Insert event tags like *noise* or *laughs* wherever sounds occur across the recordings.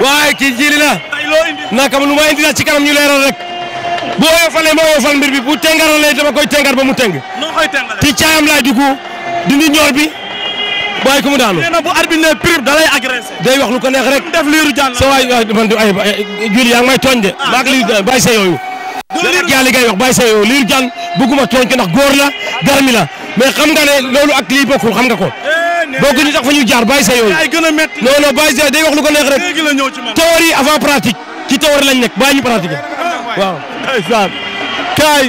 waaye kii jiili na naka lu ma indi la ci kanam ñu leeral rek bu oyofalee ma oyofal mbir bi bu tengalee dama koy tengar ba mu teng. noo koy tengalee ci caayam laay dugg dindi ñor bi bàyyi ko mu daanu. nee na bu arbitre da lay agressé. day wax lu neex rek. def liiru jàll sa waay man ay julli yaa ngi may tooñ de. Ah. maak li eh, li ngay wax bàyyi sa yooyu liiru jàll bëgguma tooñ ko ndax góor la garmi la mais xam nga ne loolu ak lii bokkul xam nga ko. Eh, bokku ñu tax fa ñu jaar bàyyi sa yooyu non non bàyyi sa day wax lu ko neex rek théorie avant pratique ci théorie lañ nekk bàyyi ñu pratiquer waaw ndeysaan kaay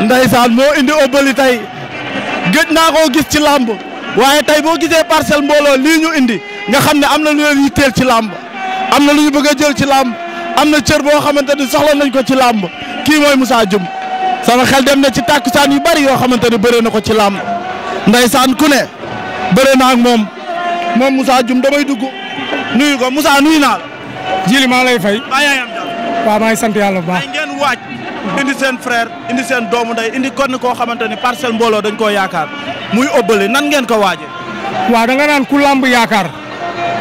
ndeysaan moo indi Obeuli tey gëj naa koo gis ci làmb waaye tey boo gisee parcelle mbooloo lii ñu indi nga xam ne am na lu leen yitteel ci làmb am na lu ñu bëgg a jël ci làmb am na cër boo xamante ni soxla nañ ko ci làmb kii mooy Moussa Dioum sama xel dem na ci tàkkusaan yu bari yoo xamante ni bëree na ko ci làmb ndeysaan ku ne bëre naa ak moom moom Moussa Dioum damay dugg nuyu ko Moussa nuyu naa la. maa lay fay. maa yaay am daal. waaw sant yàlla bu baax. ngeen waaj indi seen frère indi seen doomu ndey indi kon koo xamante ni parcelle mbooloo dañ koo yaakaar muy ëbbale nan ngeen ko waaje waaw da nga naan ku làmb yaakaar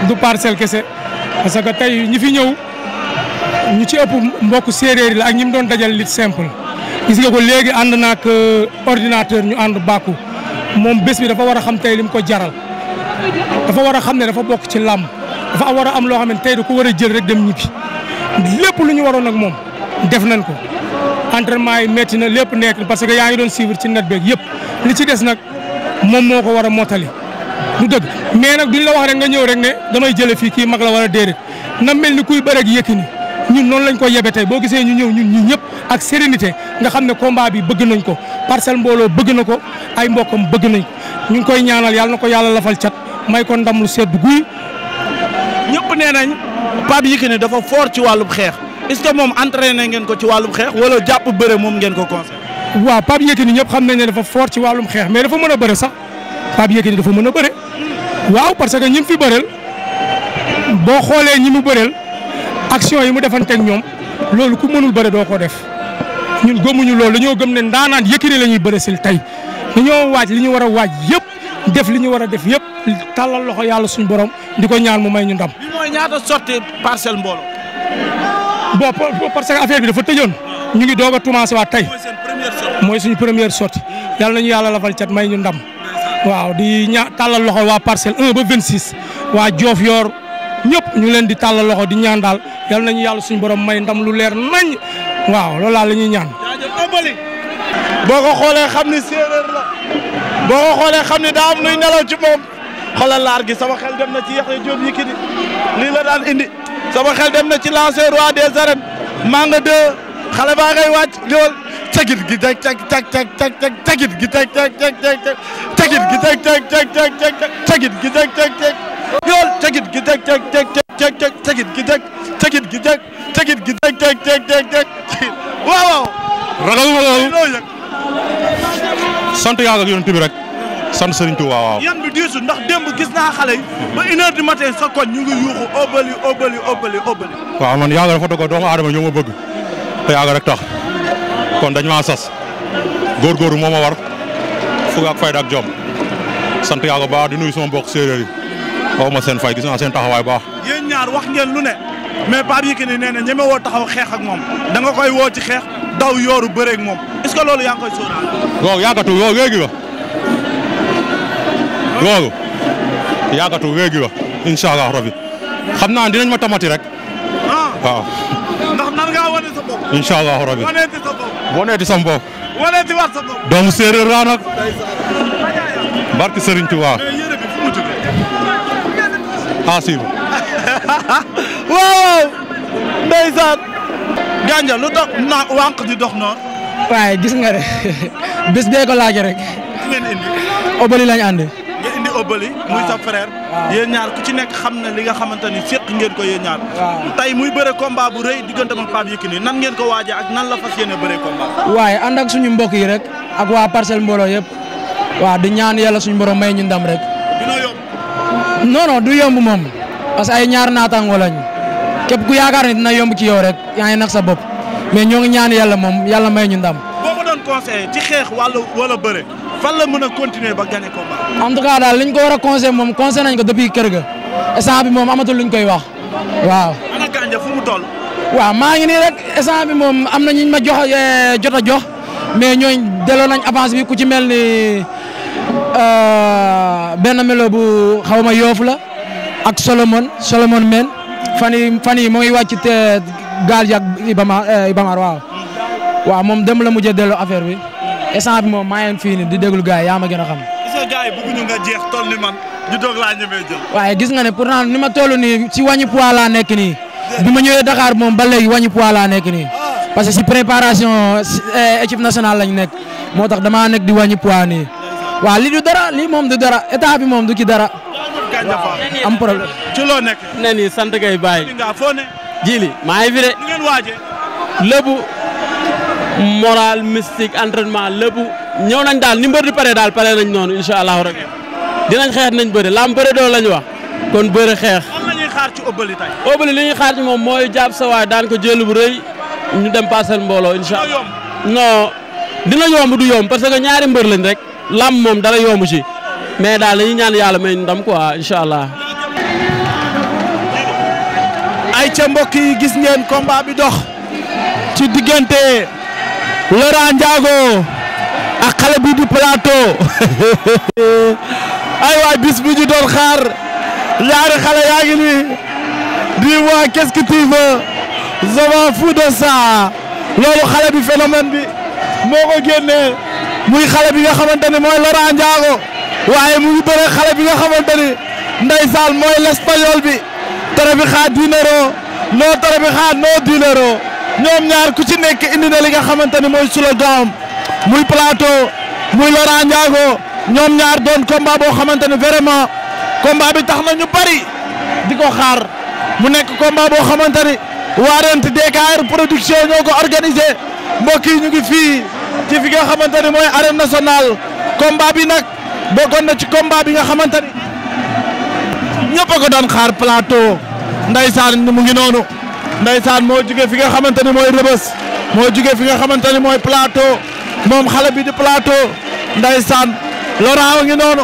du parcelle kese parce que tey ñi fi ñëw ñu ci ëpp mbokk séeréer yi la ak ñi doon dajal lit simple gis nga ko léegi ànd naak euh, ordinateur ñu ànd bàkku moom bés mi dafa war a xam tey lim ko jaral dafa war a xam ne dafa bokk ci làmb dafa war a am loo xam ne tey da ko war a jël rek dem ñibbi lépp lu ñu waroon ak moom def nañ ko entraînement yi metti na lépp nekk parce que yaa ngi doon suivre ci net beeg yëpp li ci des nag moom moo ko war a mottali du dëgg mais nag ñu la wax rek nga ñëw rek ne damay jële fii kii mag la war a déedéet na mel ni kuy bëreeg Yékini ñun noonu lañ ko yebetee boo gisee ñu ñëw ñun ñun ñëpp ak sérénité nga xam ne combat bi bëgg nañ ko parcelle mbooloo bëgg na ko ay mbokkam bëgg nañ ko ñu ngi koy ñaanal yàlla na ko yàlla lafal cat may ko ndam lu sedd guy. ñëpp nee nañ Pape Yékini dafa foor ci wàllum xeex est-ce que moom entraîné ngeen ko ci wàllum xeex wala jàpp bëre moom ngeen ko conseil waaw Pape Yékini ñëpp xam nañ ne dafa fort ci wàllum xeex mais dafa mën a bëre sax Pape Yékini dafa mën a bëre waaw parce que ñi fi bëreel boo xoolee ñi mu bëreel action yi mu defanteeg ñoom loolu ku mënul bëre doo ko def ñun gëmuñu loolu dañoo gëm ne ndaanaan Yékini la ñuy bëresil tey dañoo waaj li ñu war a waaj yëpp def li ñu war a def yëpp tàllal loxo yàlla suñu borom di ko ñaan mu may ñu ndam. bi mooy ñaata parcelle mbooloo. bon parce que affaire bi dafa tëjoon ñu ngi doog a commencé waat tey mooy suñu première sotti yàlla nañu a lafal cat may ñu ndam waaw di ña tàllal loxo waa parcelle ba ba 26 waa Joof Yoor ñëpp ñu leen di tàllal loxo di ñaan daal yàlla nañu yàlla suñu borom may ndam lu leer nañ waaw loo laa la ñuy ñaan. boo ko xoolee xam ni séeréer la boo ko xoolee xam ni daa am luy nelaw ci moom xoolal laar gi sama xel dem na ci Yaxya Diop Yékini lii la daan indi sama xel dem na ci lancer roi des arènes Manga 2 xale baa ngay wàcc lool gi teg teg teg teg teg teg gi teg teg teg teg gi teg teg teg teg gi teg teg teg gi teg teg teg teg teg gi teg gi teg gi teg teg teg teg teg waaw waaw. ragaluma sant yàlla ak yonent rek sant Serigne Touba waaw. yan bi diisu ndax démb gis naa xale yi. ba une heure sa koñ yuuxu obali obali obali obali. man yàlla ñoo ma bëgg te rek tax kon dañ maa sas góorgóorlu moo ma war fukk ak fayda sant yàlla bu di nuyu sama mbokk séeréer yi. xaw ma seen fay gis naa seen taxawaay baax. yéen ñaar wax ngeen lu ne mais Pape Yékini nee na ñeme woo taxaw xeex moom da nga koy woo ci xeex daw yooru bëreeg moom est-ce que loolu yaa ngi koy sóoraale. waaw yàggatu waaw léegi la. loolu yàggatu rabi xam naa dinañ ma tamati rek. Ah. waaw. ndax sa bopp. incha rabi waneeti sa doomu séeréer laa nag. barke Serigne à suivre. *laughs* waaw. ndeysaan. Gandia lu tax na wànq di dox noonu. waaye gis nga rek gis bee ko laajee rek. ngeen indi. obali lañ ànd. nga indi obali. muy sa frère. yéen ñaar ku ci nekk xam na li nga xamante ni séq ngeen ko yéen ñaar. tey muy bëre combat bu rëy diggante ma Pape Yékini nan ngeen ko waajee ak nan la fas yéene bëree combat. waaye ànd ak suñu mbokk yi rek. ak waa parcelle mbooloo yëpp. waaw di ñaan yàlla suñu borom may ñu ndam rek. non non du yomb moom parce que ay ñaar naataango lañ képp ku yaakaar ne dina yomb ci yow rek yaa ngi nag sa bopp mais ñoo ngi ñaan yàlla moom yàlla may ñu ndam. boo ko doon la mën a continuer ba gagné combat. en tout cas daal li ñu ko war a conseillé moom conseillé nañ ko depuis kër ga instant bi maa ngi nii rek instant bi moom am ma jox eh, jot a jox mais ñooñ delloo nañ avance bi Euh, benn melo bu xaw ma yoof la ak Solomon Solomon men fan yii fan yii mooy wàcc te gaal yi ak Ibamar euh, Ibamar waaw moom dem la mujjee delloo affaire bi essence bi moom maa ngi fii nii di déglu gars yi yaa ma gën a xam. gis nga gars waaye gis nga ne pourtant ni ma toll nii ci wàññi poids laa nekk nii bi ma ñëwee Dakar moom ba léegi wàññi poids laa nekk nii parce que si préparation euh, équipe nationale lañ nekk moo tax dama nek di wàññi poids nii. waaw li du dara lii moom du dara état bi moom du ci dara. am problème. ci loo nekk. ne nii sant kay bàyyi. jili maa ngi fi de. ngeen waajee. lépp moral mystique entraînement lépp ñëw nañ daal ni mbër di pare daal pare nañ noonu incha allahu rek dinañ xeex nañ bëri laam bëri doo lañ wax kon bëri xeex. lan la ñuy xaar li ñuy xaar ci moom mooy jàpp sa daan ko jël bu rëy ñu dem paasal mbooloo incha allah. non dina yomb du yomb parce que ñaari mbër lañ rek. lam moom dara yomb ci mais daal dañuy ñaan yàlla may ndam quoi incha allah. ay ca mbokk yi gis ngeen combat bi dox ci diggante Laurent Ndiago ak xale bi di plateau *laughs* ay waay bis bu ñu doon xaar ñaari yaa ngi nii dis-moi qu'est-ce que tu veux je bi phénomène bi moo ko muy xale bi nga xamante ni mooy Laurent Ndiago waaye mu ngi bëre xale bi nga xamante ni ndeysaan mooy l'espagnol bi Torrebija dinero no Torrebija no dinero ñoom ñaar ku ci nekk indi na li nga xamante ni mooy slogan muy plateau muy Laurent Ndiago ñoom ñaar doon combat boo xamante ni vraiment combat bi tax na ñu bari di ko xaar mu nekk combat boo xamante ni waa Rent production ñoo ko organisé mbokk ñu ngi fii. ci fi nga xamante ni mooy arène nationale combat bi nag bokkoon na ci combat bi nga xamante ni ñëpp a ko doon xaar plateau ndaysaan mu ngi noonu ndaysaan moo jugee fi nga xamante ni mooy rëbës moo jugee fi nga xamante ni mooy plateau moom xale bi di plateau ndaysaan Laurent ngi noonu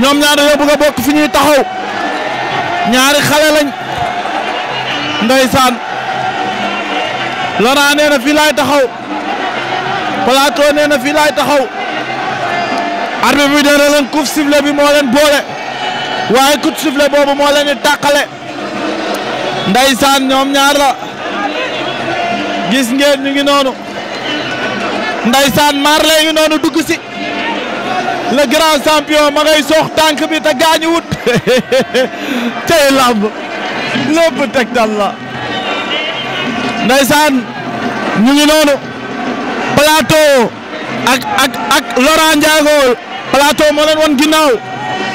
ñoom ñaar dañoo bëgg bokk fi ñuy taxaw ñaari xale lañ ndaysaan Laurent nee na fii laay taxaw Plateau nee na fii laay taxaw arbitre bi nee na leen coup bi moo leen boole waaye coup sifflet boobu moo leen di tàqale ndeysaan ñoom ñaar gis ngeen ñu ngi noonu ndeysaan Marley ngi noonu dugg si le grand champion ma ngay soox tànk bi te gaañu wut tey *laughs* làmb lépp tegtal la ndeysaan ñu ngi noonu plateau ak ak ak plateau moo leen won ginnaaw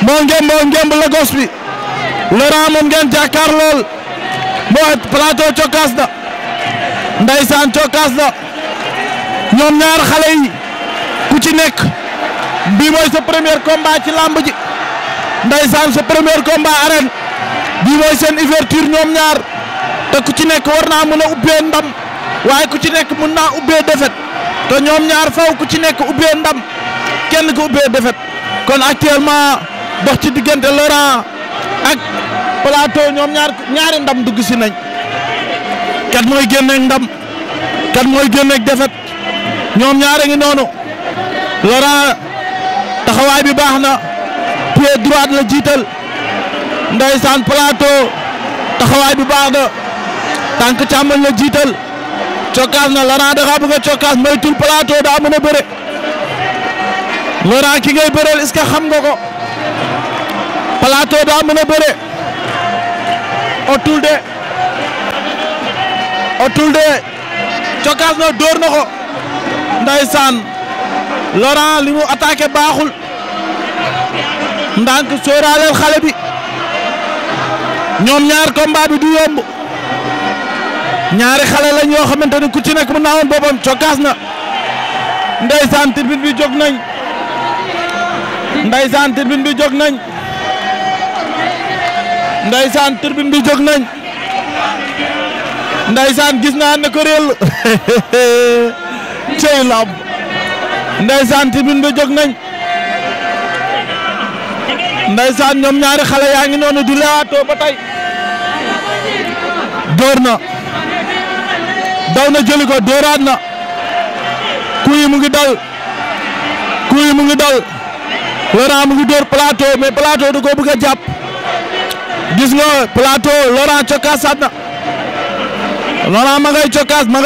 moo ngem moo Lagos bi Laurent moom ngeen jàkkaar lool moo plateau cokkaas na ndaysaan cokkaas na ñoom ñaar xale yi ku ci nekk bii mooy sa premier combat ci làmb ji ndaysaan sa premier combat arène bii mooy seen ouverture ñoom ñaar te ku ci nekk war naa ubbee ndam waaye ku ci nekk mun naa ubbee défaite te ñoom ñaar faw ku ci nekk ubbee ndam kenn ku ubbee defet kon actuellement dox ci diggante Laurent ak Plateau ñoom ñaar ñaari ndam dugg si nañ kat mooy génneeg ndam kat mooy génneeg defet ñoom ñaara a ngi noonu Laurent taxawaay bi baax na pied droit la jiital ndeysaan Plateau taxawaay bi baax na tànk càmmoñ la jiital cokkaas na Laurent da nga bëgg cokkaas moytul plateau daa mën a bëre Laurent ki ngay bëreel est xam nga ko plateau daa mën a bëre otul de otul de cokkaas na dóor na ko ndeysaan Laurent li mu attaqué baaxul ndànk sóoraaleel xale bi ñoom ñaar combat bi du yomb. ñaari xale lañ yoo xamante ni ku ci nekk mën naa woon boppam cokkaas na ndeysaan tribune bi jog nañ ndeysaan tribune bi jóg nañ nday tribune bi jóg nañ ndeysaan gis naa ne ko réel *laughs* cey lamb ndeysaan tribune bi jóg nañ ndeysaan ñoom ñaari xale yaa ngi noonu di laatoo ba tey door na daw na jëli dóoraat na ku mu ngi dal ku yi mu ngi dal Laurent mu ngi dóor plateau mais plateau da koo bëgg a gis nga plateau Laurent cokkaasaat na Laurent ma ngay cokkaas ma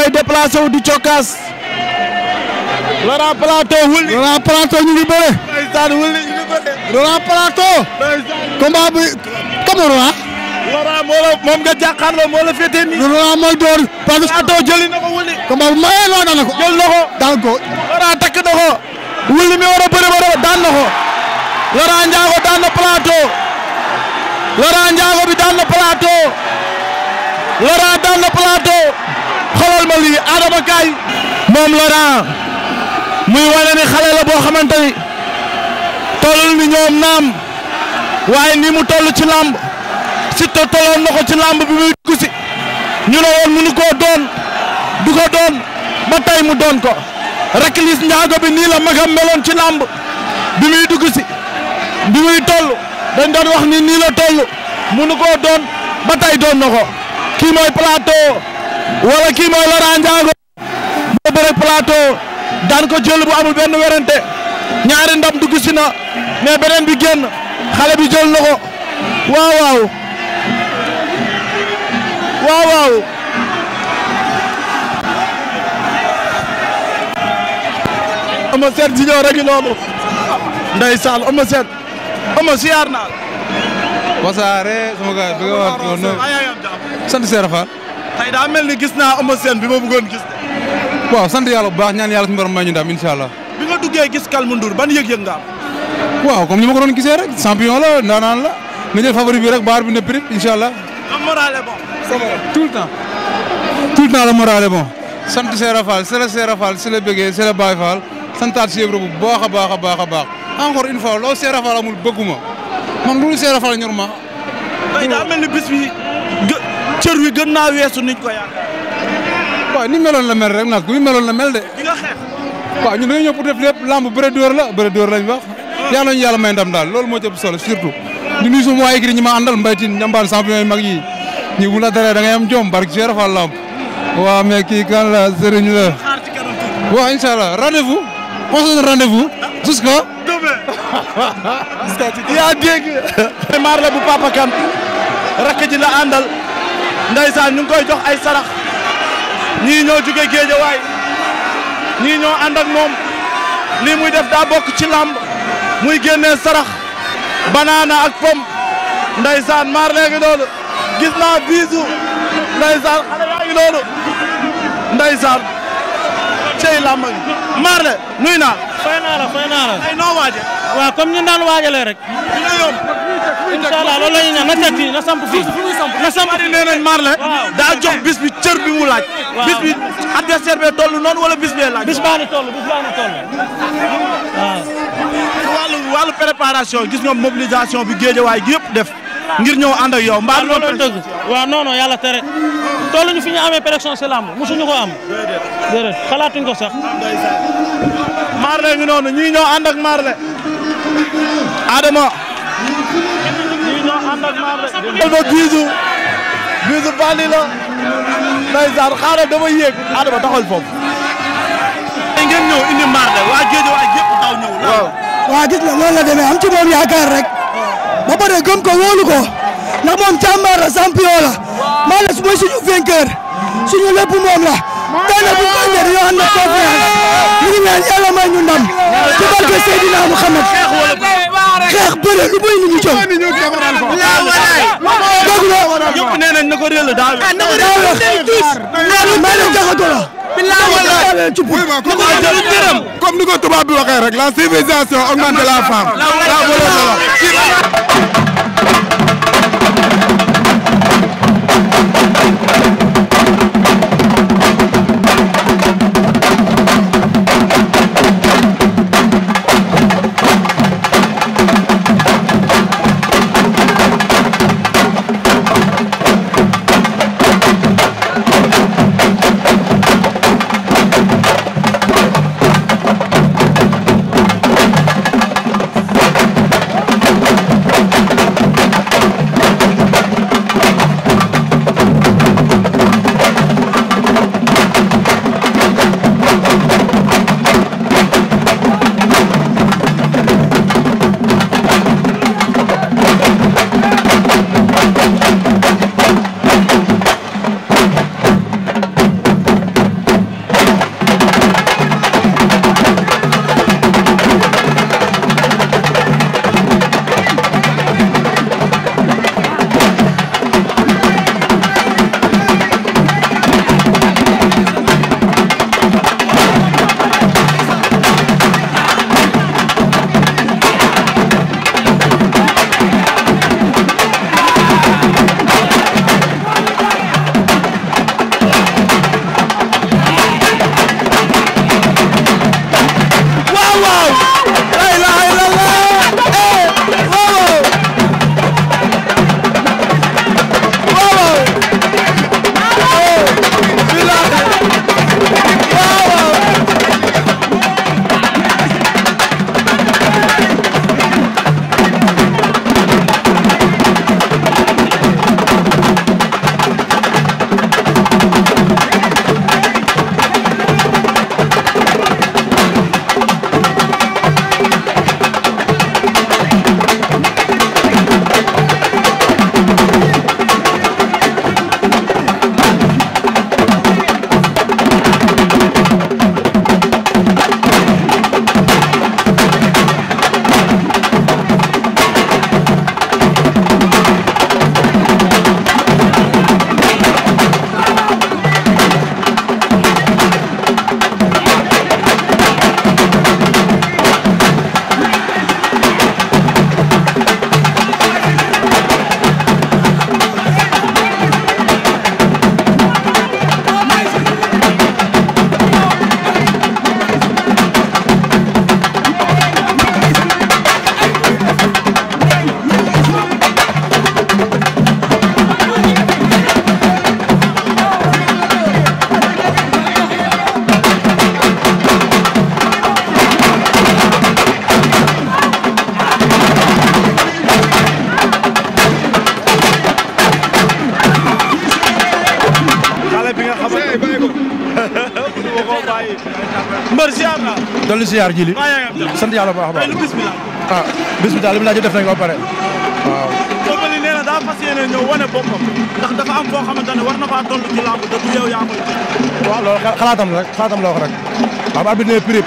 wu di cokkaas Laurent plateau wul ni Laurent ñu ngi bëre Laurent plateau combat Laurent moo la moom nga jàkkaarloo moo la féetee nii. Laurent mooy door. parce que Ato jëli na ko wëli. combat bu mayee loo daan na ko. jël na ko daan ko. Laurent takk na ko. wëli mi war a bëri ba daan na ko. Laurent Ndiago daan na plateau. Laurent Ndiago bi daan na plateau. Laurent daan na plateau. xoolal ma lii Adama Kaay. moom Laurent. muy wane ni xale la boo xamante ni. tollul ni ñoom naam. waaye ni mu toll ci làmb. Siteu toloon na ci làmb bi muy dugg si ñu ne woon mënu koo doon du doon ba tey mu doon ko rek lis njaago bi nii la magam meloon ci làmb bi muy dugg si bi muy toll dañ doon wax ni nii la toll mënu koo doon ba tey doon na ko kii mooy plateau wala kii mooy Laurent Ndiago boo bëre daan ko jël bu amul benn werante ñaari ndam dugg si na mais beneen bi génn xale bi jël na ko waaw waaw Eumeu Sène junior rek noonu ndeysaan Eumeu Sène Eumeu siyaar naa wasaare sama gars bi nga wax noonu sant Seera mel ni gis naa Eumeu Sène bi ma bëggoon gis waaw sant yàlla bu baax ñaan yàlla suñu borom may ñu ndam incha allah bi nga duggee gis Calme Ndour ban yëg waaw comme ni ma ko doon gisee rek champion la ndaanaan la na jël favori bi rek baar bi ne prix tout le temps tout le temps le moral est sant Seera Fall si la Seera Fall si la bëggee si la Baye Fall santaat Cheikh bu baax a baax a baax a baax encore une fois loolu Seera Fall amul bëgguma man loolu Seera Fall ñor ma. tey daa mel ni bis bi cër wi gën naa weesu niñ ko yaakaar. waaw ni meloon la mel rek nag bu meloon la mel de. di nga xeex. waaw ñun dañoo ñëw pour def lépp lamb bëre la bëre dóor lañ wax. yàlla ñu may ndam daal loolu moo ci ëpp solo surtout. di nuyu sama waa écurie ñi ma àndal mbaytin ñambaan champion yu mag yi ñi bu la teree da ngay am jom barke Cheikh Fall Lamp waaw kii kan la sëriñ la waaw allah rendez-vous on se donne *laughs* yaa dégg *laughs* maar la bu Papa Kan ji la àndal ndeysaan ñu ngi koy jox ay sarax ñii ñoo jóge Géejawaay ñii ñoo ànd moom lii muy def daa bokk ci làmb muy génnee sarax banaana ak pom ndeysaan maar léegi la fay la ay la na setti na samp fii na samp fii nee nañ Marley daa bis bi cër bi mu laaj bis bi adversaire bee toll noonu wala bis bee laaj bis baa ni toll bis baa gis nga mobilisation bi géejawaay gi yëpp def ngir ñëw ànd ak yow. mbaa ah, loolu dëgg waaw non non yàlla tere tolluñu fi ñu amee pression si làmb mosuñu ko am. déedéet xalaatuñ ko sax. Marley ngi noonu ñii ñoo ànd ak Adama. ñii ñoo ànd ak Marley. Adama Bijou. Bijou Bandi Adama taxal foofu. ngeen ñëw indi Marley waa géej waa géej daw ñëw. waaw waa gis la loolu la am ci moom yaakaar rek. ba pare gëm ko wóolu ko ndax moom jàmbaar la champion la Maala mooy suñu vainqueur suñu lépp moom la tey nag bu ñu koy ñëwee dañoo ànd ak confiance ñu ngi ñaan yàlla may ñu ndam ci barke Seydina Muhammad xeex bëre lu bëri ñu jóg. dëgg la. ñëpp nee nañ na ko réel daal. ah na ko réel maa ngi leen jaxatoo bilaay comme ni ko tubaab bi waxee rek la civilisation augmente la femme la volonté ziar ji li sant yàlla bu baax a baax ah bis bi def nañ ko ba pare waaw Combali daa fas yéene ñëw wane boppam ndax dafa am foo xamante war na faa toll ci làmb yow yaa la wax rek xam arbitre ne prip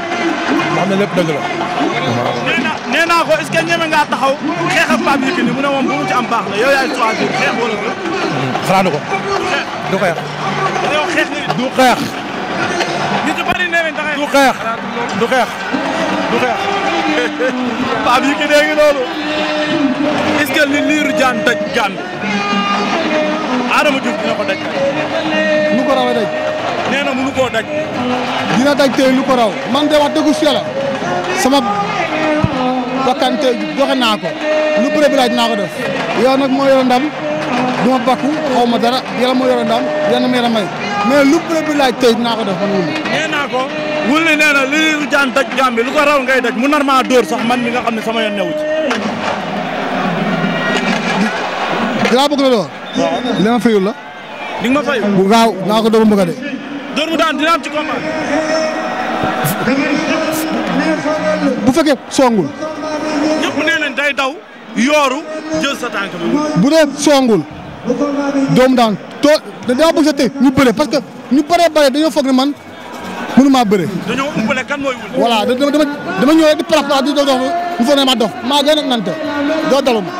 nga xam ne lépp dëgg la ko est ñeme ngaa taxaw xeex ak Pape Yékini mu ne moom bu mu ci am baax la yow yaay choisir xeex wala du ko du xeex du xeex du xeex du xeex du xeex Pape Yékini ngi loolu est-ce li liiru jaan daj gaan Adama Diouf dina ko daj lu ko raw a daj nee na mënu koo daj dina daj tey lu ko raw man de wax dëggu si la sama bakkante joxe naa ko lu privilège naa ko def yow nag moo yore ndam du ma bakku xaw dara yàlla moo yore ndam yàlla na mais lu bërëb bi laaj tey dinaa ko def man wulli naa ko wulli nee na li jaan daj jaam lu ko ngay daj mu nar maa dóor sax man mi nga xam ne sama yoon newu ci dinaa di naa ko doomu bëgg de dóor mu daan dina am ci bu fekkee songul ñëpp nee nañ day daw yooru jël sa tànk bi bu dee songul doomu daan doo daa bëgg sa ñu bëre parce que ñu bëree bëre dañoo foog ne man mënumaa bëre. dañoo umpale kan mooy wul. voilà dama dama dama ñëw di parax di ñu foog ne ma do maa gën a nante doo daluma.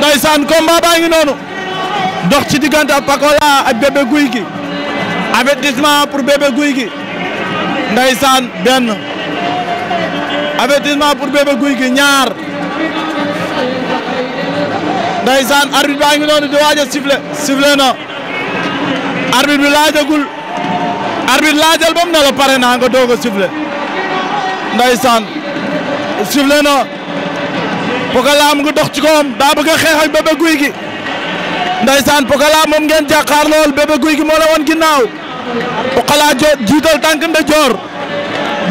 ndeysaan combat baa ngi noonu dox ci diggante ak Pakola ak bébé guy gi avertissement pour bébé guy gi ndeysaan benn avertissement pour bébé guy gi ñaar ndeysaan arbitre baa ngi noonu di waaj a sifflé sifflé na bi laajagul arbitre laajal ba mu ne la pare naa nga doog a sifflé ndeysaan arbitre sifflé na Pokola mu ngi dox ci kawam daa bëgg a xeex ak Bébé Gouy Gui ndeysaan moom ngeen jàkkaar lool Bébé Gouy Gui moo la wan ginnaaw naaw jo jiital tànk ndeyjoor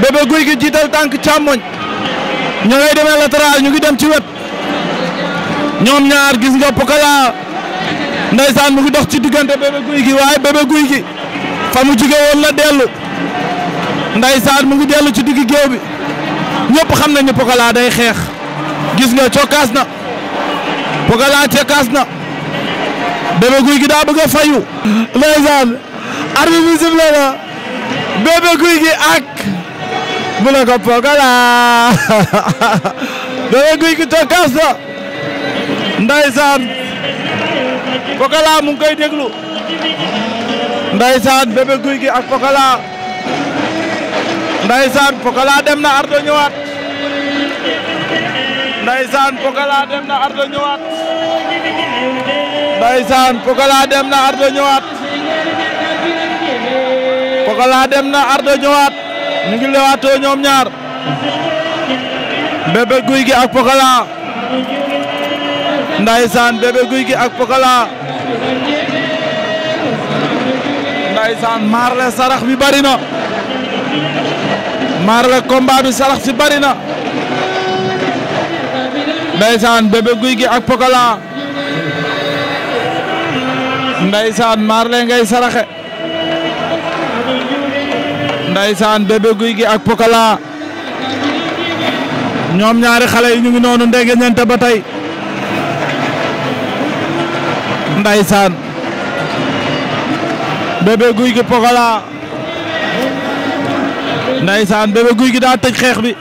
Bébé Gouy Gui jiital tànk càmmoñ ña ngay demee latéral ñu ngi dem ci wet ñoom ñaar gis nga Pokola ndeysaan mu ngi dox ci diggante Bébé Gouy Gui waaye Bébé Gouy Gui fa mu jóge woon la dellu ndeysaan mu ngi dellu ci digg géew bi ñëpp xam nañu Pokola day xeex gis nga cokkaas na Pokola cokkaas na Bébé Gouy Gui daa bëgg a fayu. ndeysaan arbi bi sifle na Bébé Gouy Gui ak mu ne ko Pokola *laughs* Bébé Gouy Gui cokkaas na ndeysaan Pokola mu ngi koy déglu ndeysaan Bébé Gouy Gui ak Pokola ndeysaan Pokola dem na Ardo ñëwaat Ndeysaan Pokola dem na Ardo ñëwaat Ndeysaan Pokola dem ngi lewaatoo ñoom ñaar Bébé guy Gui ak Pokola Ndeysaan Bébé ak Pokola Ndeysaan maar le sarax bi bari na maar le combat sarax si bari na Ndeysaan Bébé Guy Gi ak Pokola Ndeysaan Marley ngay saraxe Ndeysaan Bébé Guy Gi ak Pokola ñoom ñaari xale yi ñu ngi noonu ndege ñente ba tey Ndeysaan Bébé Guy Gi Pokola Ndeysaan Bébé Guy Gi daa tëj xeex bi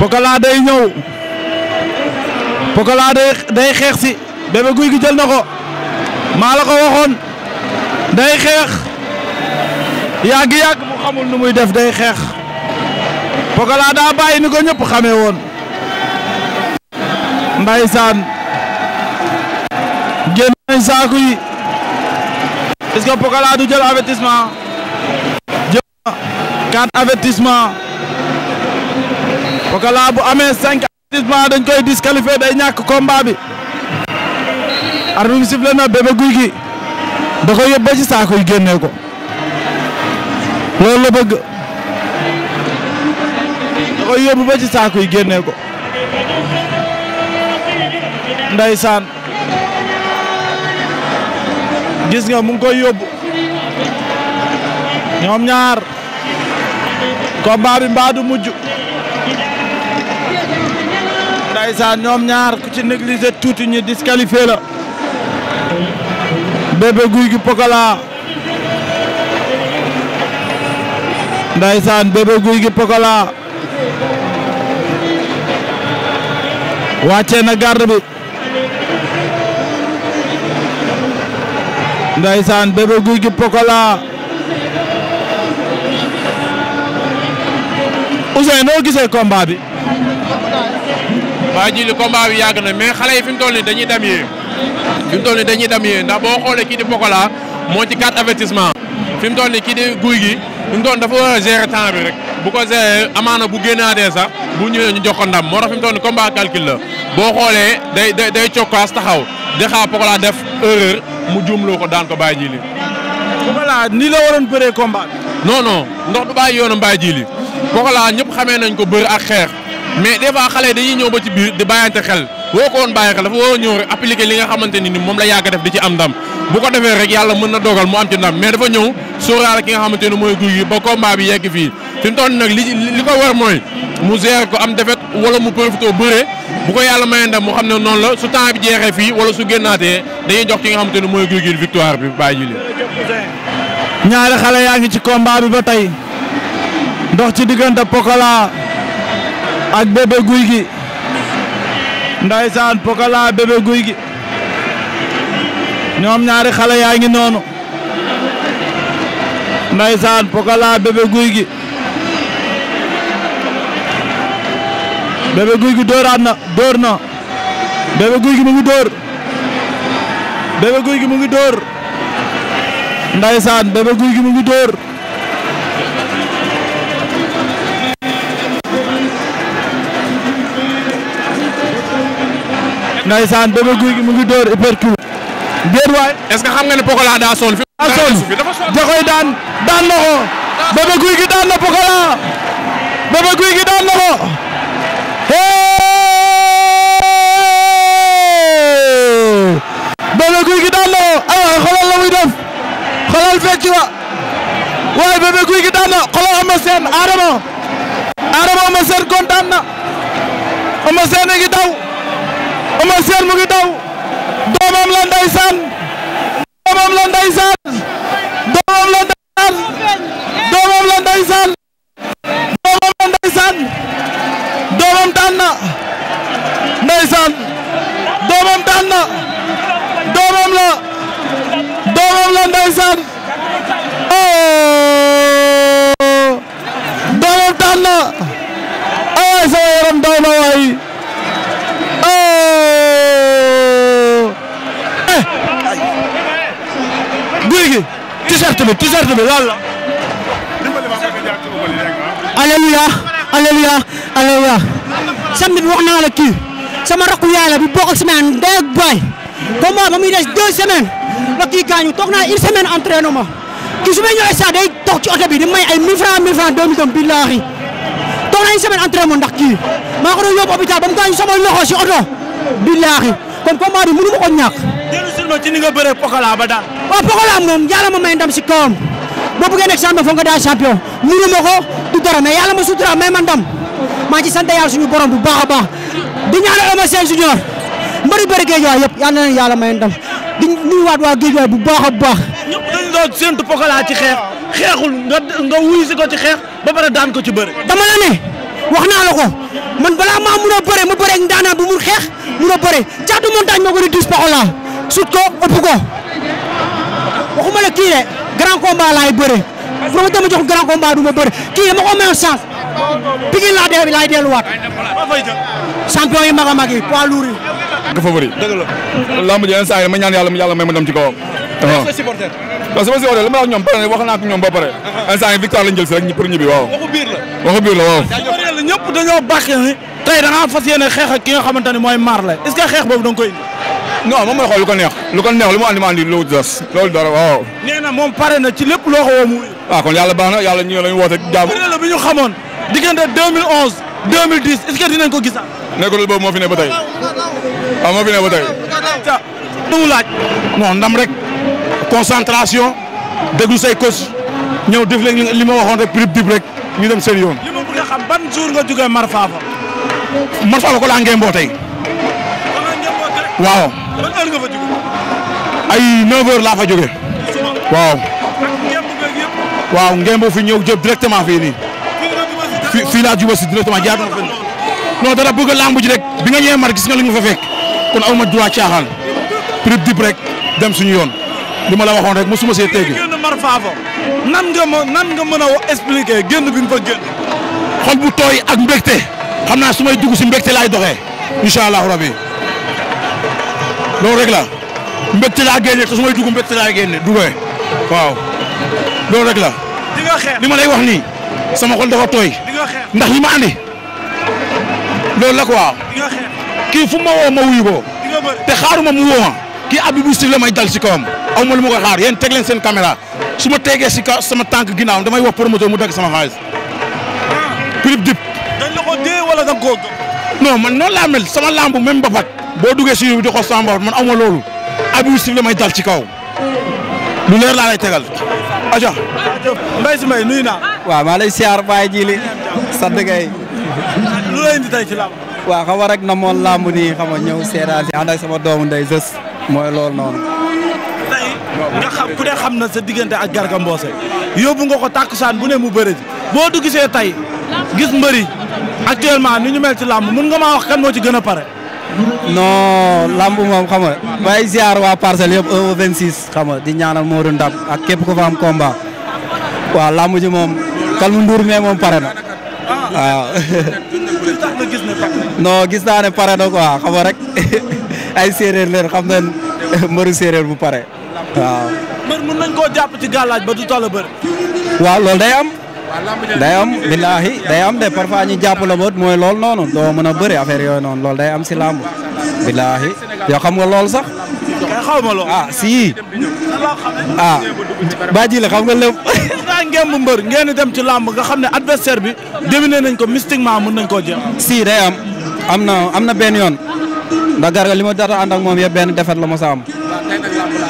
Pokola day ñëw Pokola day xeex si Bébé Gouy Gui jël na ko maa la waxoon day xeex yàgg-yàgg mu xamul nu muy def day xeex Pokola daa bàyyi ni ko ñëpp xamee woon ndaysaan génn nañ saaku yi est-ce du jël avertissement jël quatre avertissement Pokola bu amee cinq avertissement dañ koy disqualifié day ñàkk combat bi arbitre bi yi génnee ko loolu ba ci saako yi génnee ko ndeysaan gis nga mu ngi koy yóbbu ñoom ñaar combat bi ndeysaan ñoom ñaar ku ci négligé tuuti ñu disqualifié la Bébé Gouy Gui Pokola ndeysaan Bébé Gouy Gui Pokola wàccee na garde bi ndeysaan Bébé Gouy Gui Pokola Ousseyn noo gisee combat waa ji li bi yàgg na mais xale yi fi mu toll nii dañuy dem yee fi mu toll nii dañuy dem yee ndax boo xoolee kii di Pokola moo ci quatre avertissement fi mu toll nii kii di guy gi fi mu toll dafa war a gérer temps bi rek bu ko gérer amaana bu génnaatee sax bu ñëwee ñu jox ko ndam moo tax fi mu toll nii combat calcul boo xoolee day day day cokkaas taxaw di xaar Pokola def erreur mu juumloo ko daan ko bàyyi ji li. Pokola la waroon bëree combat non ndox du bàyyi yoonu bàyyi ji li Pokola ñëpp xamee nañ ko bër ak xeex. mais des fois xale dañuy ñëw ba ci biir di bàyyante xel woo ko woon bàyyi xel dafa woo ñëw rek appliqué li nga xamante ni moom la yàgg def di ci am ndam bu ko defee rek yàlla mën na dogal mu am ci ndam mais dafa ñëw sóoraale ki nga xamante ni mooy guy gi ba combat bi yegg fii fi mu toll nag li li ko war mooy mu gérer ko am defet wala mu profité bëre bu ko yàlla may ndam mu xam ne noonu la su temps bi jeexee fii wala su génnaatee dañuy jox ki nga xamante ni mooy guy gi victoire bi bàyyi ji yaa ngi ci combat bi ba tey ndox ak bébé guy gi ndaysaan pokala bébé guy gi ñoom ñaari xale yaa ngi noonu ndaysaan pokala bébé guy gi bébé guy gi dóoraat na dóor na bébé guy gi mu ngi dóor bébé guy gi mu ngi dóor ndaysaan bébé guy gi mu ngi dóor ndaysaan Bébé Gouy Gui mu ngi door uppercut déet waay est-ce que daan na ko la muy def xoolal fecc wa waaye Bébé daan na xoolal Ama Adama Adama Ama Sène kontaan na Ama Sène a Eumeu Sène mu ngi daw doomam la ndeysaan doomam la ndeysaan doomam la ndeysaan doomam la ndeysaan doomam la ndeysaan doomam daan na ndeysaan doomam daan na doomam la doomam la ndeysaan oh. doomam daan na ay sa yaram daw na waay bi t-shirt bi lan la. alléluia alléluia alléluia. samedi bi wax naa la kii sama rakku yaay la bu bokk ak semaine ndey ak baay combat ba muy des deux semaines la kii gaañu toog naa une semaine entraînement kii su may ñëwee saa day toog ci oto bi di may ay 1000 francs 1000 francs 2000 doom billaahi toog naa une semaine entraînement ndax kii maa ko doon yóbbu hôpital ba mu gaañu sama loxo si oto billaahi kon combat bi mënu ma ko ñàkk. non ci ni nga bëree Pokola ba daan. waaw Pokola moom yàlla ma may ndam si kawam boo buggee nekk champion foog nga daal champion munu ma ko du dara mais yàlla ma sutura may ma ndam maa ci sant yàlla suñu borom bu baax a baax di ñaanal Eumeu Sène junior mbëri bëri géejuwaay yëpp yal na leen yàlla may ndam di nuyuwaat waa géejuwaay bu baax a baax. ñëpp dañu Pokola ci xeex xeexul nga nga si ko ci xeex ba pare daan ko ci bëri. dama la ne wax naa la ko man balaa maa mun a bëre ma bëreeg ndaanaan bu mun xeex mun a bëre caatu montagne moo ko sut ko ëpp ko waxuma la kii de grand combat laay bëre promoteur ma jox grand combat du ma bëre kii dama ko mayoon chance Pikine laa dee laay delluwaat champion yi mag a mag yi poids lourd yi nga favori dëgg la lamb ji yenn saa yi ma ñaan yàlla yàlla may ma dem ci kawam sama ah. supporter li ma wax ñoom pare wax naa ko ñoom ba pare instant ah, ah. yi victoire lañ jël si rek pour ñibbi waaw waxu biir la waxu biir la waaw ñëpp dañoo bàqee ni tey da ngaa fas yéene xeex ak ki nga xamante ne mooy Marley est-ce que xeex boobu da nga koy non moom mooy xool lu ko neex lu ko neex lu mu andi ma andi lu des loolu dara waaw. nee moom pare na ci lépp loo ko woo ah, kon yàlla baax na yàlla ñu lañu woote jàmm. beneen la bi ñu xamoon diggante 2011 2010 est-ce que dinañ ko gisaat. nekkul boobu moo fi ne ba tey waaw ah, moo fi ne ba tey. laaj. non ndam rek concentration déglu say coach ñëw def leen li ma waxoon rek prib dib rek ñu dem seen yoon. li ma bëgg a xam ban jour nga jógee Mar Fafa. Mar Fafa ko laa ngeen ban heure ay 9h laa fa jóge. waaw. waaw ngeen boo fi ñëw jëm directement fii nii. fii fii laa juba si directement jaar na fenn. non dara bëgg lamb ji rek bi nga ñëwee mar gis nga li fa fekk kon aw ma droit caaxaan. prix rek dem suñu yoon. li ma la waxoon rek mosuma see teggi. nan nga ma nan nga mën a expliquer génn bi nga fa génn. xol bu tooy ak mbégte xam naa su may dugg si mbégte laay doxe incha allahu rabi. loolu rek la mbégte laa génne te su may dugu mbégte laa génne duggee waaw loolu rek la. di nga li ma lay wax nii sama xol dafa tooy. di nga ndax li ma andi loolu la quoi. di nga xeex ma woo ma wuyu ko. te xaaruma mu woo ma kii abbi bu si la may dal si kawam aw ma lu ma ko xaar yéen teg seen caméra su ma tegee si kaw sama tànk ginnaaw damay wax promoteur mu dagg sama xaalis. Ah. prix dip. dañ la ko dee wala da nga koo man noonu laa mel sama lamb même mbapat boo duggee si bi di xool sama bopp man aw ma loolu abib sif la may dal ci kaw lu leer laa lay tegal aja mbay si mbay nuyu naa waa maa lay siyaar baay jili sant kay lu lay indi ci làmb waa xam nga rek na moon làmb nii xam nga ñëw seetaan si ànd ak sama doomu ndey jës mooy loolu noonu tey nga xam ku ne na sa diggante ak Garga Mbossé yóbbu nga ko tàkkusaan bu ne mu bëre ji boo du gisee tey gis mbëri actuellement ni ñu ci làmb mun nga ma wax kan moo ci gën a pare non lamb moom xam nga may ziar waa parcelle yëpp 1 26 xam nga di ñaanal Modou Ndam ak ku fa am combat lamb ji moom kalmu nduur moom pare na waaw *laughs* non gis naa ne pare na quoi xam rek *laughs* ay séeréer leen xam nañ *laughs* mbëru séeréer bu pare waaw. mbër mën nañ koo jàpp ci gàllaaj ba du toll bëri. waaw loolu day day am billaahi day am de parfois ñu jàpp la bët mooy lool noonu doo mën a bëri affaire yooyu noonu loolu day am si làmb billaahi yoo xam nga lool sax xaw ma lool ah si ah bàjji la xam nga lépp *laughs* daa ngeen bu mbër ngeen dem ci làmb nga xam ne adversaire bi déminé nañ ko mystiquement mën nañ koo jeex si day am am na am na benn yoon ndax garga li ma dara ànd ak moom yëpp benn defet la ma sa am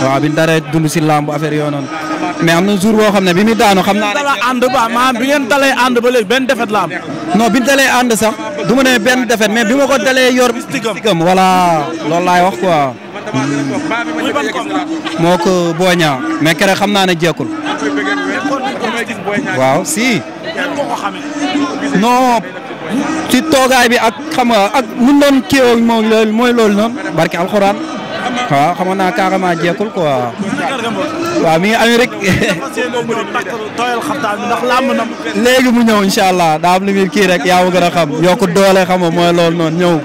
waaw bi ñu daree si lamb affaire yooyu noonu mais am na jour boo xam ne bi muy daanu xam naa. dala ànd ba maanaam bi ngeen dalee ànd ba léegi benn defet la am. non bi ñu dalee ànd sax du ma ne benn defet mais bi ma ko dalee yor. stigam voilà loolu laay wax quoi. muy ban koom moo ko booñaa mais kere xam naa ne jekkul. waaw si. non ci toogaay bi ak xam nga ak mun doon kii mooy loolu mooy loolu noonu barke alxuraan. waaw xamoon naa carrément jeekul quoi. waaw mi ngi Amérique. léegi mu ñëw incha allah daa am lu kii rek yaa ma gën a xam doole xam nga mooy loolu noonu ñëw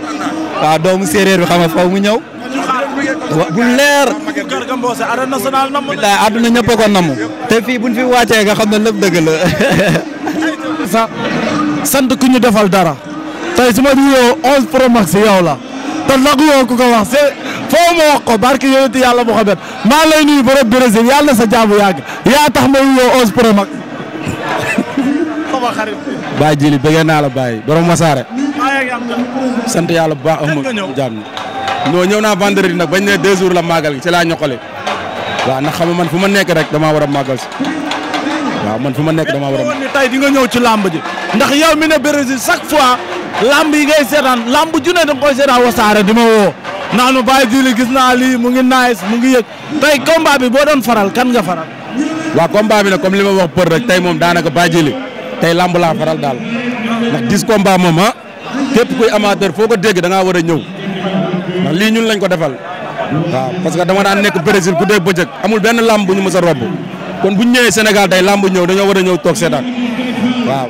waaw doomu séeréer bi xam nga foofu mu ñëw. bu leer. bilaay àdduna ñëpp a ko namu. te fii buñ fi wàccee nga xam ne lépp dëgg la. *laughs* sa ku ñu defal dara. tey su ma nuyoo 11 Pro Max la. kon naguyoo ku ko wax c' foo ma wax ko barke yonent yàlla Muhammad maa lay nuyu borom Brésil yàlla na sa jaamu yàgg yaa tax ma wuyoo Onze Pro Max. sama xarit. Baye naa la Baye borom Massare. sant yàlla bu baax am na jàmm. ñëw naa vendredi nag bañ ne deux jours la màggal gi ci laa ñokkale. waaw ndax xam nga man fu ma nekk rek damaa war a màggal si. waaw man fu ma nekk dama war a. tey di nga ñëw ci làmb ji. ndax yow mi ne Brésil chaque fois. lamb yi ngay seetaan lamb ju ne da nga koy seetaan wasaare di ma woo naanu bàyyi jiili gis naa lii mu ngi nice mu ngi yëg tey combat bi boo doon faral kan nga faral. waaw combat bi na comme li ma wax për rek tey moom daanaka bàyyi jiili tey lamb laa faral daal ndax gis combat moom ah képp kuy amateur foo ko dégg da ngaa war a ñëw ndax lii ñun lañ ko defal waa parce que dama daan nekk Brésil ku dégg bëccëg amul benn lamb bu ñu mës a kon bu ñu ñëwee day tey lamb ñëw dañoo war a ñëw toog seetaan waaw.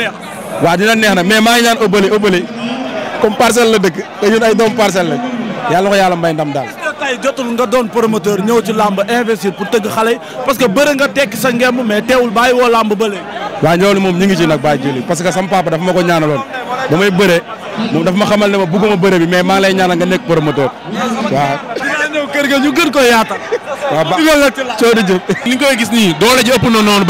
neex. waaw dina neex nag mais maa ngi ñaan ëbbali ëbbali comme parcelle la dëkk te ñun ay doomu parcelle la yàlla ko yàlla may ndam daal. tey jotul nga doon promoteur ñëw ci làmb investir pour tëgg xale parce que bëri nga tekki sa ngemb mais teewul bàyyi woo làmb ba waa waaw loolu moom ñu ngi ci nag bàyyi jëli parce que sama papa dafa ma ko ñaanaloon ba may bëre moom dafa ma xamal ne ma bëgguma bëre bi mais maa ngi lay ñaanal nga nekk promoteur waaw. dinaa ñëw kër ga ñu gën ko yaatal. waaw ba coono jëf. li nga koy gis nii dool ji ëpp na noonu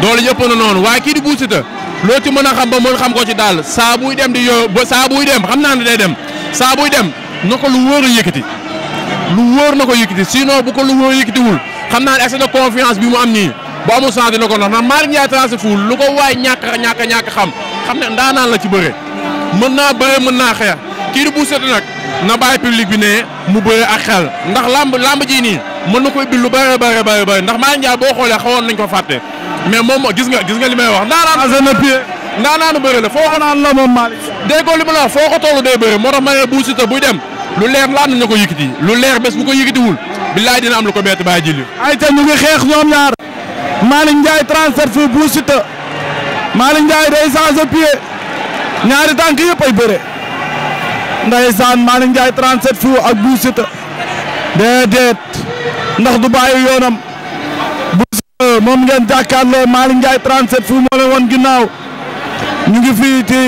doole ji ëpp noonu waaye kii di buusita loo ci mën a xam ba mën xam ko ci daal saa dem di yo ba saa buy dem xam naa ne day dem saa dem na ko lu wóor a yëkkati lu wóor na ko yëkkati sinon bu ko lu wóor yëkkatiwul xam naa ne excès de confiance bi mu am nii bu amul chance dina ko ndax maa Malick Ndiaye tracé lu ko waay ñàkk a ñàkk a xam xam ne naan la ci bëre mën naa bëre mën naa xeex kii di bu set nag na bàyyi public bi ne mu bëre a xel ndax lamb lamb ji nii mën na ko ubbi lu bëre bëre bëre ndax Malick boo xoolee xawoon nañ ko fàtte mais moom moo gis nga gis li may wax ndaanaan na pied ndaanaanu bëri la foo ko naan la moom Malick déggoo li ma la wax foo ko toll day moo tax ma ne buy dem lu leer laan nañu ko yëkkati lu leer bés bu ko yëkkatiwul billaay dina am lu ko bett bàyyi jili ay ta ñu ngi xeex ñoom ñaar Malick Ndiaye fu Bou Siteu Malick Ndiaye day changé pied ñaari tànk yëpp ay bëre ndeysaan Malick Ndiaye 37 fu ak Bou Siteu déedéet ndax du bàyyi yoonam 2 moom ngeen jàkkaarloo Malick Ndiaye 37 fu moo leen woon ginnaaw ñu ngi fii ci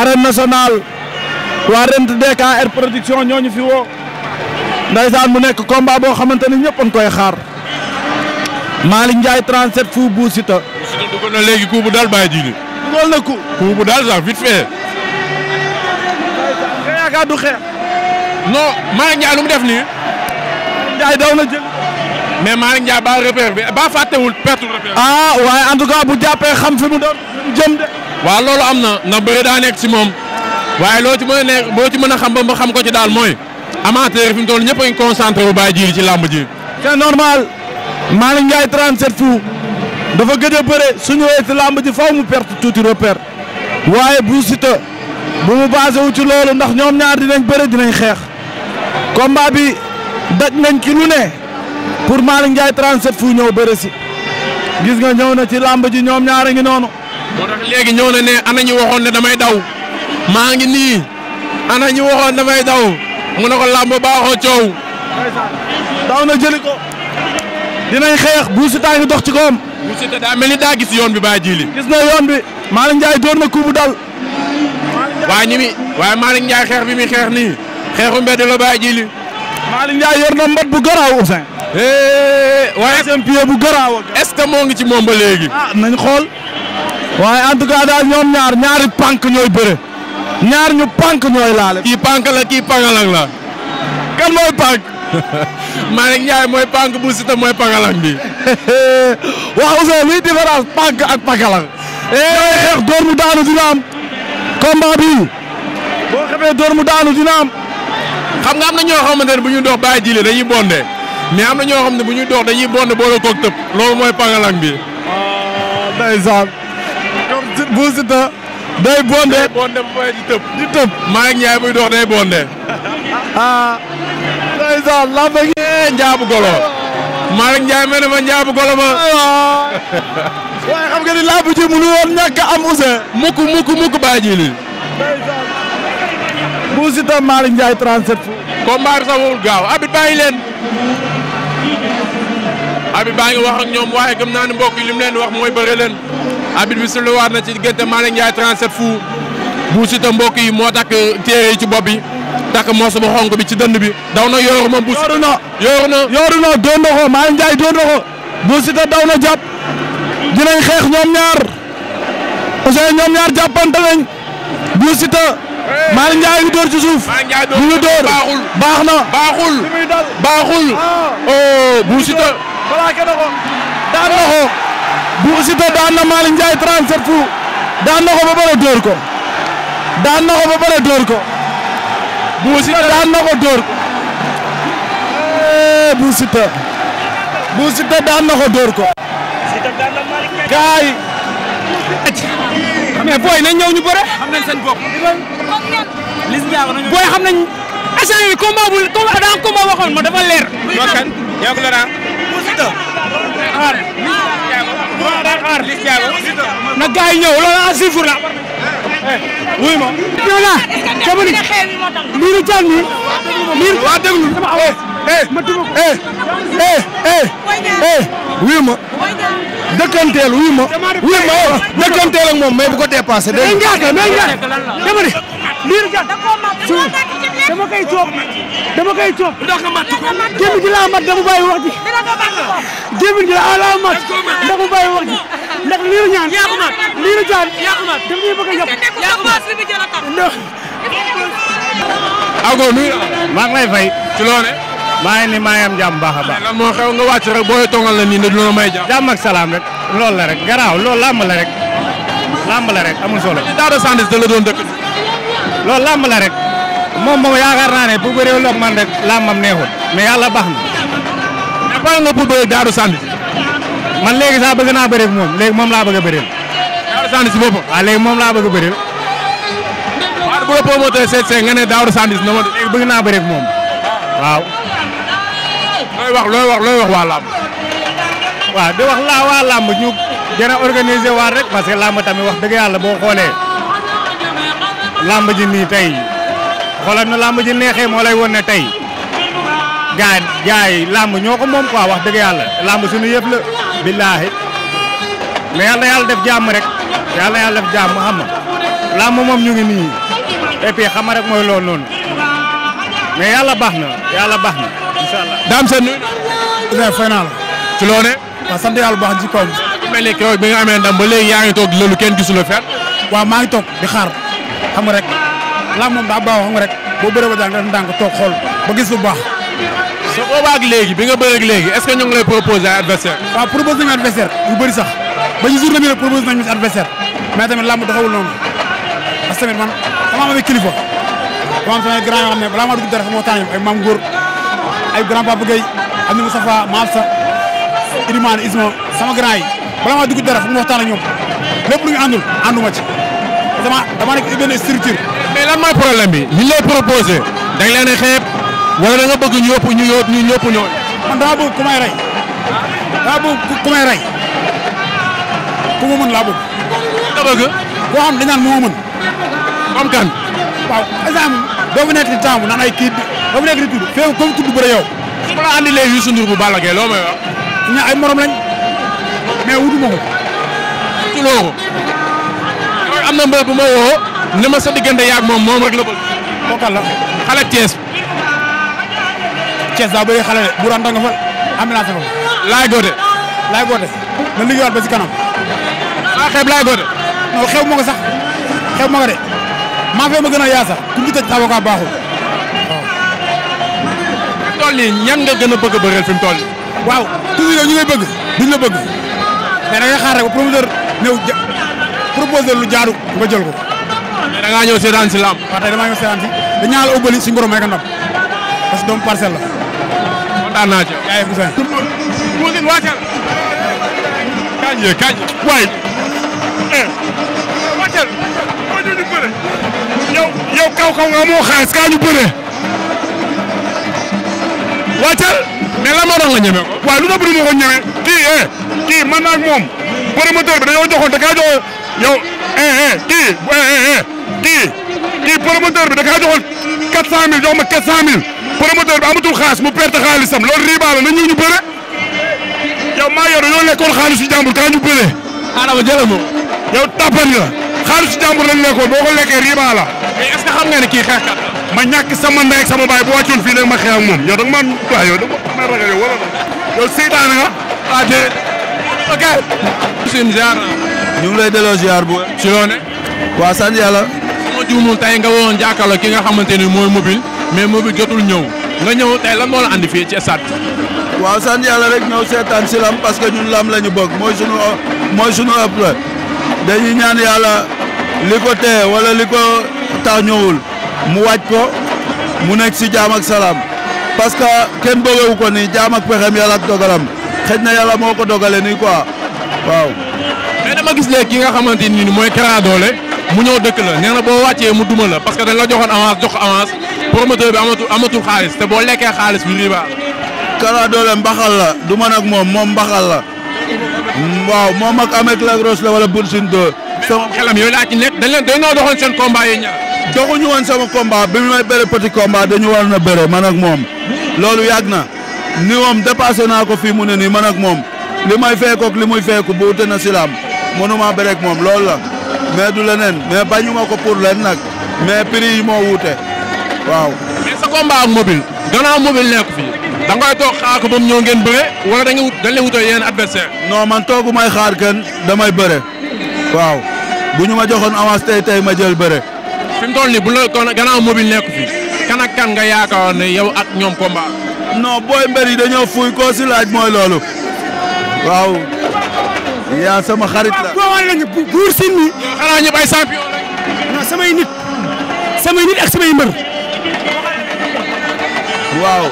arène nationale waa rent DKR production ñooñu fi woo ndaysaan mu nekk combat boo xamante ni ñëpp koy xaar Malick Ndiaye 37 fu Bou Siteu. Bou Siteu dugal na léegi coup bu daal sax vite fait. nga yaakaar du lu mu def nii. mais Malick Ndiaye ba repère bi ba fàttewul pertu repère. Ah, waaye en tout cas bu jàppee xam fi mu doon jëm de. waa loolu am na na bëri daa nekk si moom waaye loo ci mën a boo ci mën a xam ba mu xam ko ci daal mooy amateur fi mu toll ñëpp a ngi concentré bu bàyyi ji ci làmb ji. c'est normal Malick Ndiaye 37 fu dafa gëj a bëre suñu wéy làmb ji faw mu perte tuuti repère waaye bu Siteu bu mu basé wu ci loolu ndax ñoom ñaar dinañ bëre dinañ xeex combat bi daj nañ ci lu ne. pour Malick Ndiaye 37 fu ñëw bëre si gis nga ñëw na ci làmb ji ñoom ñaar ngi noonu. moo tax léegi ñëw na ne ana ñu waxoon ne damay daw maa ngi nii ana ñu waxoon damay daw mu ne ko làmb baaxoo coow. daw na jëli ko. dinañ xeex Bou Siteu ngi dox ci koom. Bou mel ni daa gis yoon bi baa jiili. gis na yoon bi Malick door na kubu dal. waa ñi mi waaye Malick Ndiaye xeex bi mi xeex nii xeexu mbedd la baa jiili. Malick Ndiaye yor na mbat bu garaaw Ousseyn. Eh, waaye seen pied bu garaaw est ce que moo ngi ci moom ba léegi. ah nañ xool waaye en tout cas daal ñoom ñaar ñaari pànk ñoo bëre ñaar ñu pànk ñooy laale. kii pànk la kii pangalang la. ken mooy pànk. *laughs* Malick Ndiaye mooy pànk bu Siteu mooy pangalang bi. *laughs* waaw Ousseyn luy différence pànk ak pangalang. ñooy eh, xeex door mu daanu dina am. bi boo xamee door mu daanu dina am. xam nga am na ñoo xamante ne bu ñu dox bàyyi jili dañuy bondé. mais am na ñoo xam ne bu ñuy dox dañuy bond boole koog tëb loolu mooy pangalang bi. Ah, ndeysaan. ñoom bu si day bondé bu may di tëb. di tëb maa ngi ñaay buy dox day bondé. *laughs* ah. ndeysaan lamba gi. Eh, golo. ma waaye xam nga ni làmb ji mënu woon ñàkk am Ousseyn. mukk mukk mukk baa ji bu si ta Malick Ndiaye 37. combat bi sax gaaw abit bàyyi leen. Habib baa ngi wax ak ñoom waaye gëm naa ne mbokk yi li mu leen wax mooy bëre leen Habib bi sulu waat na ci diggante Malick Ndiaye 37 fou bu Siteu mbokk yi moo takk téere yi ci bopp bi takk moosu bu xonk bi ci dënd bi daw na yooru ma bu yooru na yooru na yooru na doon na ko Malick doon na ko bu daw na jàpp dinañ xeex ñoom ñaar parce que ñoom ñaar jàppante lañ bu Siteu Malick Ndiaye ngi door ci suuf. ñu baaxul baax na baaxul baaxul. Ah. oh bu Siteu plaqué na ko. daan na ko. Bou Siteu daan ba pare dóor ko. daan na ko ba pare dóor ko. Bou Siteu daan na ko dóor ko. Eh, Bou Siteu. na ko ñu bëre. xam Siteu. xaar waaw daal xaar. Liss na gars loolu à Sifur la. wuy ma. voilà jamono miiru Thiam mi. miiru waaw déglu eh, eh, ma tudd ko. Eh, wuy ma. dëkkanteel wuy ma. wuy ma dëkkanteel ak moom mais bu ko dépassé. dégg nga mais Ndiago mais Ndiago dama koy coob dama koy coob. ndax nga mat gémmiñ gi laa mat dama bàyyi wax ji. gémmiñ gi laa mat dama bàyyi wax ji ndax lii la ñaan lii la jaan daf ñuy bëgg a ñëpp. ndax. Ago nuyu maa ngi lay fay. ci loone maa ngi ni maa ngi am jàmm baax a baax. lan moo xew nga wàcc rek booy tongal la nii ne dina may jàmm. jàmm ak salaam rek loolu la rek garaaw loolu làmb la rek làmb la rek amul solo. daal de Sandwich da la doon dëkk. loolu làmb la rek. moom moom yaakaar naa ne bu bëree loog man rek làmbam neexul mais yàlla baax na. mais pare nga pour Daaru Sandi. man léegi sax bëgg naa bëri moom léegi moom laa bëgg a bëreel. Daaru Sandi si boppam. léegi moom a bëreel. waaw bu la promoteur seet na bëgg naa bëri moom waaw. wax looy wax looy wax waa làmb. waaw di wax laa waa làmb ñu gën a organiser rek parce que làmb tamit wax dëgg yàlla boo xoolee làmb ji nii tey. xoolal na làmb ji neexee moo lay won ne tey gaay gaay làmb ñoo ko moom quoi wax dëgg yàlla làmb suñu yëpp la billaahi mais yàlla yàlla def jàmm rek yàlla yàlla def jàmm xam nga làmb moom ñu ngi nii et puis rek mooy loolu noonu mais yàlla baax na yàlla baax na daam seen nuyu. Ibrahima fay naa la. ci loonee. waaw sant yàlla bu baax ci kaw bi. mel ni keroog bi nga amee ba léegi yaa ngi toog loolu kenn gisul fenn. waaw maa ngi toog di xaar xam rek. lam moom daa baaxoo xam nga rek boo bëree ba daan def ndànk toog xool ba gis lu baax. sa boobaa ak léegi bi nga bëree ak léegi est-ce que ñu ngi lay proposer ay adversaire waaw proposer nañu adversaire yu bëri sax ba ñu journée bi rek proposer nañu si adversaire mais tamit lamb doxawul noonu parce que tamit man dama am ay kilifa dama am samay grand yoo xam ne balaa maa dugg dara moo tànn ay maam góor ay grand papa Guèye am na Moustapha Massa Ilimane Isma sama grand yi balaa maa dugg dara fu mu waxtaan ak ñoom lépp lu ñu àndul ànduma ci dama dama nekk benn structure lan mooy problème bi li lay proposé dañ leen a xeeb wala da nga bëgg ñu yóbbu ñu yóbbu ñu ñëpp ñooñu. man dama bëgg ku may rey dama bëgg ku may rey ku mu mën laa bëgg. da bëgg. koo xam dañ naan moo mën. comme kan. waaw exemple doo fi nekk di taamu naan ay kii doo fi nekk di tudd féew comme tudd bëre yow. su ma la andilee Youssou Ndour bu Balla Gaye loo may wax. ñu ay morom lañ mais wutuma ko. wutuloo ko. am na mbër bu ma woo. ni ma sa diggante yaag moom moom rek la bëgg. kooku la xale Thiès. Thiès daa bëri xale de bu nga fa am naa sa bopp. laay na liggéeyaat ba kanam. maa xeeb laay goote. non xew ma ko sax xew ma de maa fee ma gën a yaa sax ku ñu tëj baaxul waaw. tool yi ñan nga gën a bëgg bëgg duñ bëgg mais da ngay xaar rek ba promoteur néew ja proposé lu jaaru nga jël ko. da ngaa ñëw seetaan si lamb. waaw tey damaa ñëw seetaan si di ñaanal Obeuli suñu borom may ko ndam parce que doomu parcelle la. kontaan naa ci. yaa ngi fi Moussine wàccal. Kañ kañ waay. Eh. wàccal. moo ñu di bëre. yow yow kaw kaw nga amoo xaalis kaa ñu bëre. wàccal. mais lan moo doon nga ñeme ko. waaw lu doon bëri moo ko ñeme. kii eh kii man naa ak moom promoteur bi dañoo joxoon da kaa jox yow eh eh kii eh eh. eh. kii kii promoteur bi da kaa joxoon 400000 jox ma 400000 promoteur bi amatul xaalis mu perte xaalisam loolu riba la na ñu ñu bëre yow maa yor yoo lekkoon xaalisu jàmbur kaa ñu bëre. Adama jëlee moom. yow tàppan nga xaalisu jàmbur lañ lekkoon boo ko lekkee riba la. mais est ce ma ñàkk sama ndey ak sama baay bu wàccoon fii nag ma xeex ak moom yow da nga man waaw yow da ah, bu. ci loonee. waaw sant yàlla. su ma juumul tey nga woon jàkkaarloo ki nga xamante ni mooy mobile mais mobile jotul ñëw nga ñëw tey lan moo la andi fii ci stade waaw sant yàlla rek ñëw seetaan si lam parce que ñun lam la ñu bëgg mooy sunu mooy sunu ëpp la dañuy ñaan yàlla li ko tee wala li ko tax ñëwul mu wàcc ko mu nekk si jaam salaam parce que kenn bëggewu ko nii jaam ak pexem yàlla ak dogalam xëj na yàlla moo ko dogale nii quoi waaw. mais dama gis léegi ki nga xamante mooy Kara Dollé mu ñëw dëkk la nee na boo wàccee mu duma la parce que dañ la joxoon avance jox avance promoteur bi amatul amatul xaalis te boo lekkee xaalis bi riba. Kara Dollé mbaxal la du man ak moom moom mbaxal la. waaw moom ak Ameth Lagros la wala Boursine Dóor. sama xelam yooyu laa ci nekk dañ leen dañoo doxoon seen combat yi ñaar. doxuñu woon sama combat bi may bëre petit combat dañu war na bëre man ak moom loolu yàgg na ni moom dépassé naa ko fii mu ne nii man ak moom li may fekkook li muy fekku bu moom loolu la. mais du leneen mais bañu ma ko pour leen nag mais prix yi moo wute waaw. mais sa combat ak mobile. gannaaw nekk fi da ngay toog xaar ko ba ngeen bëre wala da nga wut dañ lay wutoo yeneen adversaire non man toogu may xaar kenn damay bëre. waaw bu ma joxoon avance tey tey ma jël bëre. fi mu toll nii bu la gannaaw mobile nekk fi kan ak kan nga yaakaar ne ñoom combat. non booy mbër yi dañoo fuy koo si laaj mooy loolu waaw. yaa sama xarit la waaw waaw buur siin mi. xanaa ñëpp ay champion samay nit. samay nit ak samay mbër. waaw.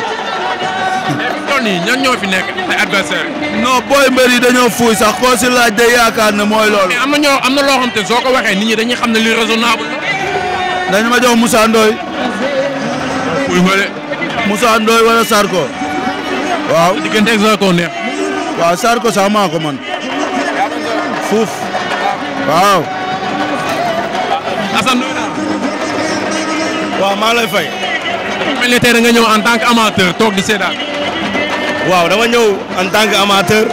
kon ñoo fi nekk ay adversaire non booy mbër yi dañoo fuuy sax koo si day yaakaar ne mooy lool mais am na ñoo na loo te soo ko waxee nit ñi dañuy xam ne li raisonnable la. dañ ma jox Moussa Ndoye. fuuy bële. Moussa Ndoye wala Sarko. waaw diggante ak Sarko neex. waaw Sarko sax maa man fuuf waaw. Assane naa. waaw maa lay fay. mel ni tey nga ñëw en tant que amateur toog di seetaan. waaw dama ñëw en tant que amateur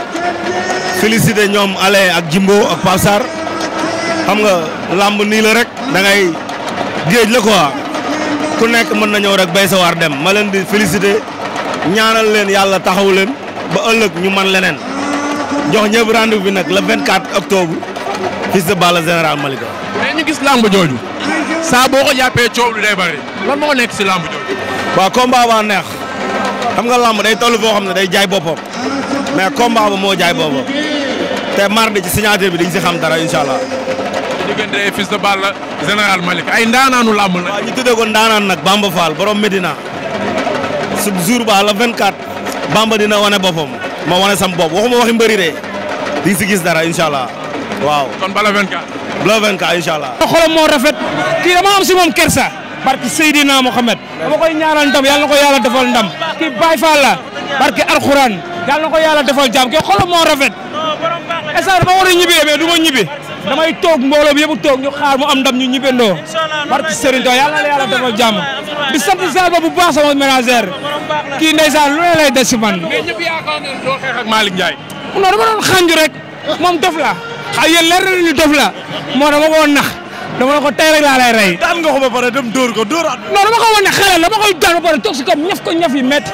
félicité ñoom Ale ak Jimbo ak Pape xam nga làmb nii la rek dangay géej la quoi ku nekk mën na ñëw rek bay sa dem ma leen di félicité ñaanal leen yàlla taxaw leen ba ëllëg ñu man leneen. jox ñëpp rendez bi nag la vingt octobre fils de Balla général Malika. mais ñu gis lamb jooju. saa boo ko jàppee coow lu day bëri. lan moo nekk ba neex xam nga lamb day toll foo xam ne day jaay boppam mais combat ba moo jaay boppam te mardi ci signature bi dañ si xam dara incha allah. diggante de Balla général Malika ay ndaanaanu lamb la. ñu tuddee ko ndaanaan nag Bamba Fall borom Medina su jour ba le 24 Bamba dina wane boppam. ma wane sam de di si gis dara incha allah waaw. kon bala 24. bala 24 incha allah. xolam moo rafet si moom kersa. barki Seydina Mohamed. dama koy ndam yàlla na ko yàlla defal ndam. kii Baye Fall la barki Alxuraan. yàlla na ko yàlla defal jàmm kii du ma ñibbi. damay toog mbooloo bi yëpp toog ñu xaar mu am ndam ñu ñibbandoo barki Serigne Touba yàlla la yàlla defal jàmm di sant Salba bu baax sama ménagère kii ndeysaan lu ne lay des si man. mais ñëpp yaakaar nañu doo xeex ak Malick Ndiaye. non dama doon xànju rek moom dof la ay yéen leer na ñu dof la moo dama ko nax dama ne ko tey rek laa lay rey. daan nga ko ba pare dem dóor ko dóoraat. non dama ko woon ne xale dama koy ba pare toog si kaw ñaf ko ñaf yi métti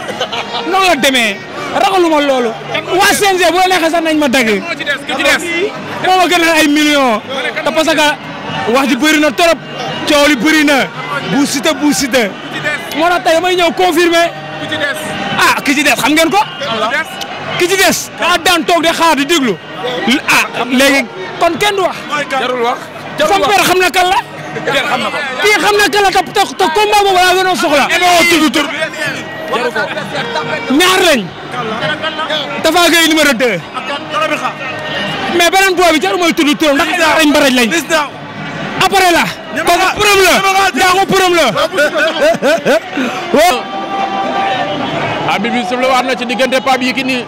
noonu la demee. ragaluma loolu. waa CNG bu la neexee sax nañ ma dagg. moo ma gënal ay millions. te parce que wax ji bëri na trop. coow li bëri na. bu site bu site. moo tax tey may ñëw confirmer. ah ki ci des xam ngeen ko. ki ci des. daa daan toog de xaar di déglu. ah léegi kon kenn du wax. jarul wax xam na kan la. xam na ko kii xam na kala te te combat boobu ñaar lañ. Tapha Gueye numéro 2. mais beneen boobu jarul mooy tudd turam ndax ay mbaraj lañ. après la. kooku problème la jaaxul problème la. ah bi bi sëble waat na ci diggante Pape Yekini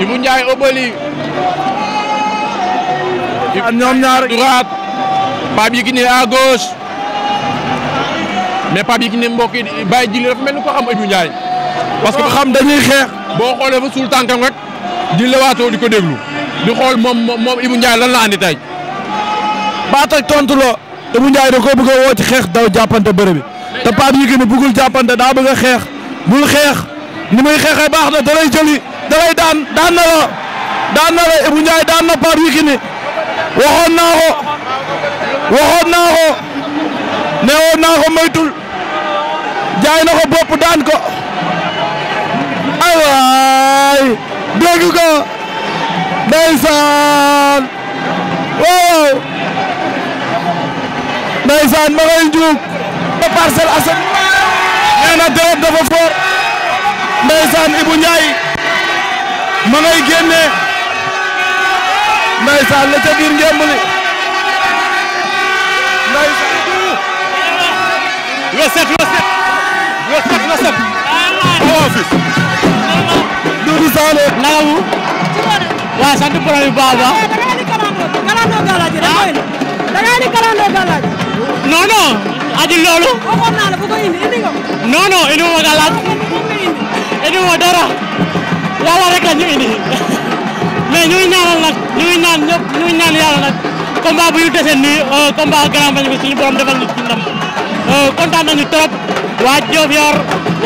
Ibou Ndiaye Obali. ñoom ñaar droite Pape Yekini à gauche mais Pape Yekini mbokk yi bàyyi ji li dafa mel ni ko xam Ibou Ndiaye. parce que xam dañuy xeex boo xoolee fa suul tànkam rek di lewaatoo di ko déglu di xool moom moom Ibou Ndiaye lan la andi tey. baat ak tontu la Ibou Ndiaye da koo bëgg a xeex daw jàppante bëre bi te Pape Yékini bëggul jàppante daa bëgg a xeex bul xeex ni muy xeexee baax na da lay jëli da lay daan daan na la daan na la Ibou Ndiaye daan na Pape Yékini waxoon naa ko waxoon naa ko naa ko moytul jaay na bopp daan ko. waay dégg ko ndeysaan waaw ndeysaan ma ngay njuug ba Parcelles Assainies nee na deret dafa foor ndeysaan Ibou Ndiaye ma ngay génne ndeysaan la ca biir ngémb li ndeysaan lo set lo set lo set lo set Doudou Sané. nagamu. waaw sant borom bu baax a baax. da ngay di kalandoo galaaj. non non. aji loolu. naa la bu la ñu indi. mais ñu ngi ñaanal nag ñu ñu ngi ñaan yàlla nag. combat bu ñu dese nii euh, ñu ci euh, kontaan nañu trop. waa Diofior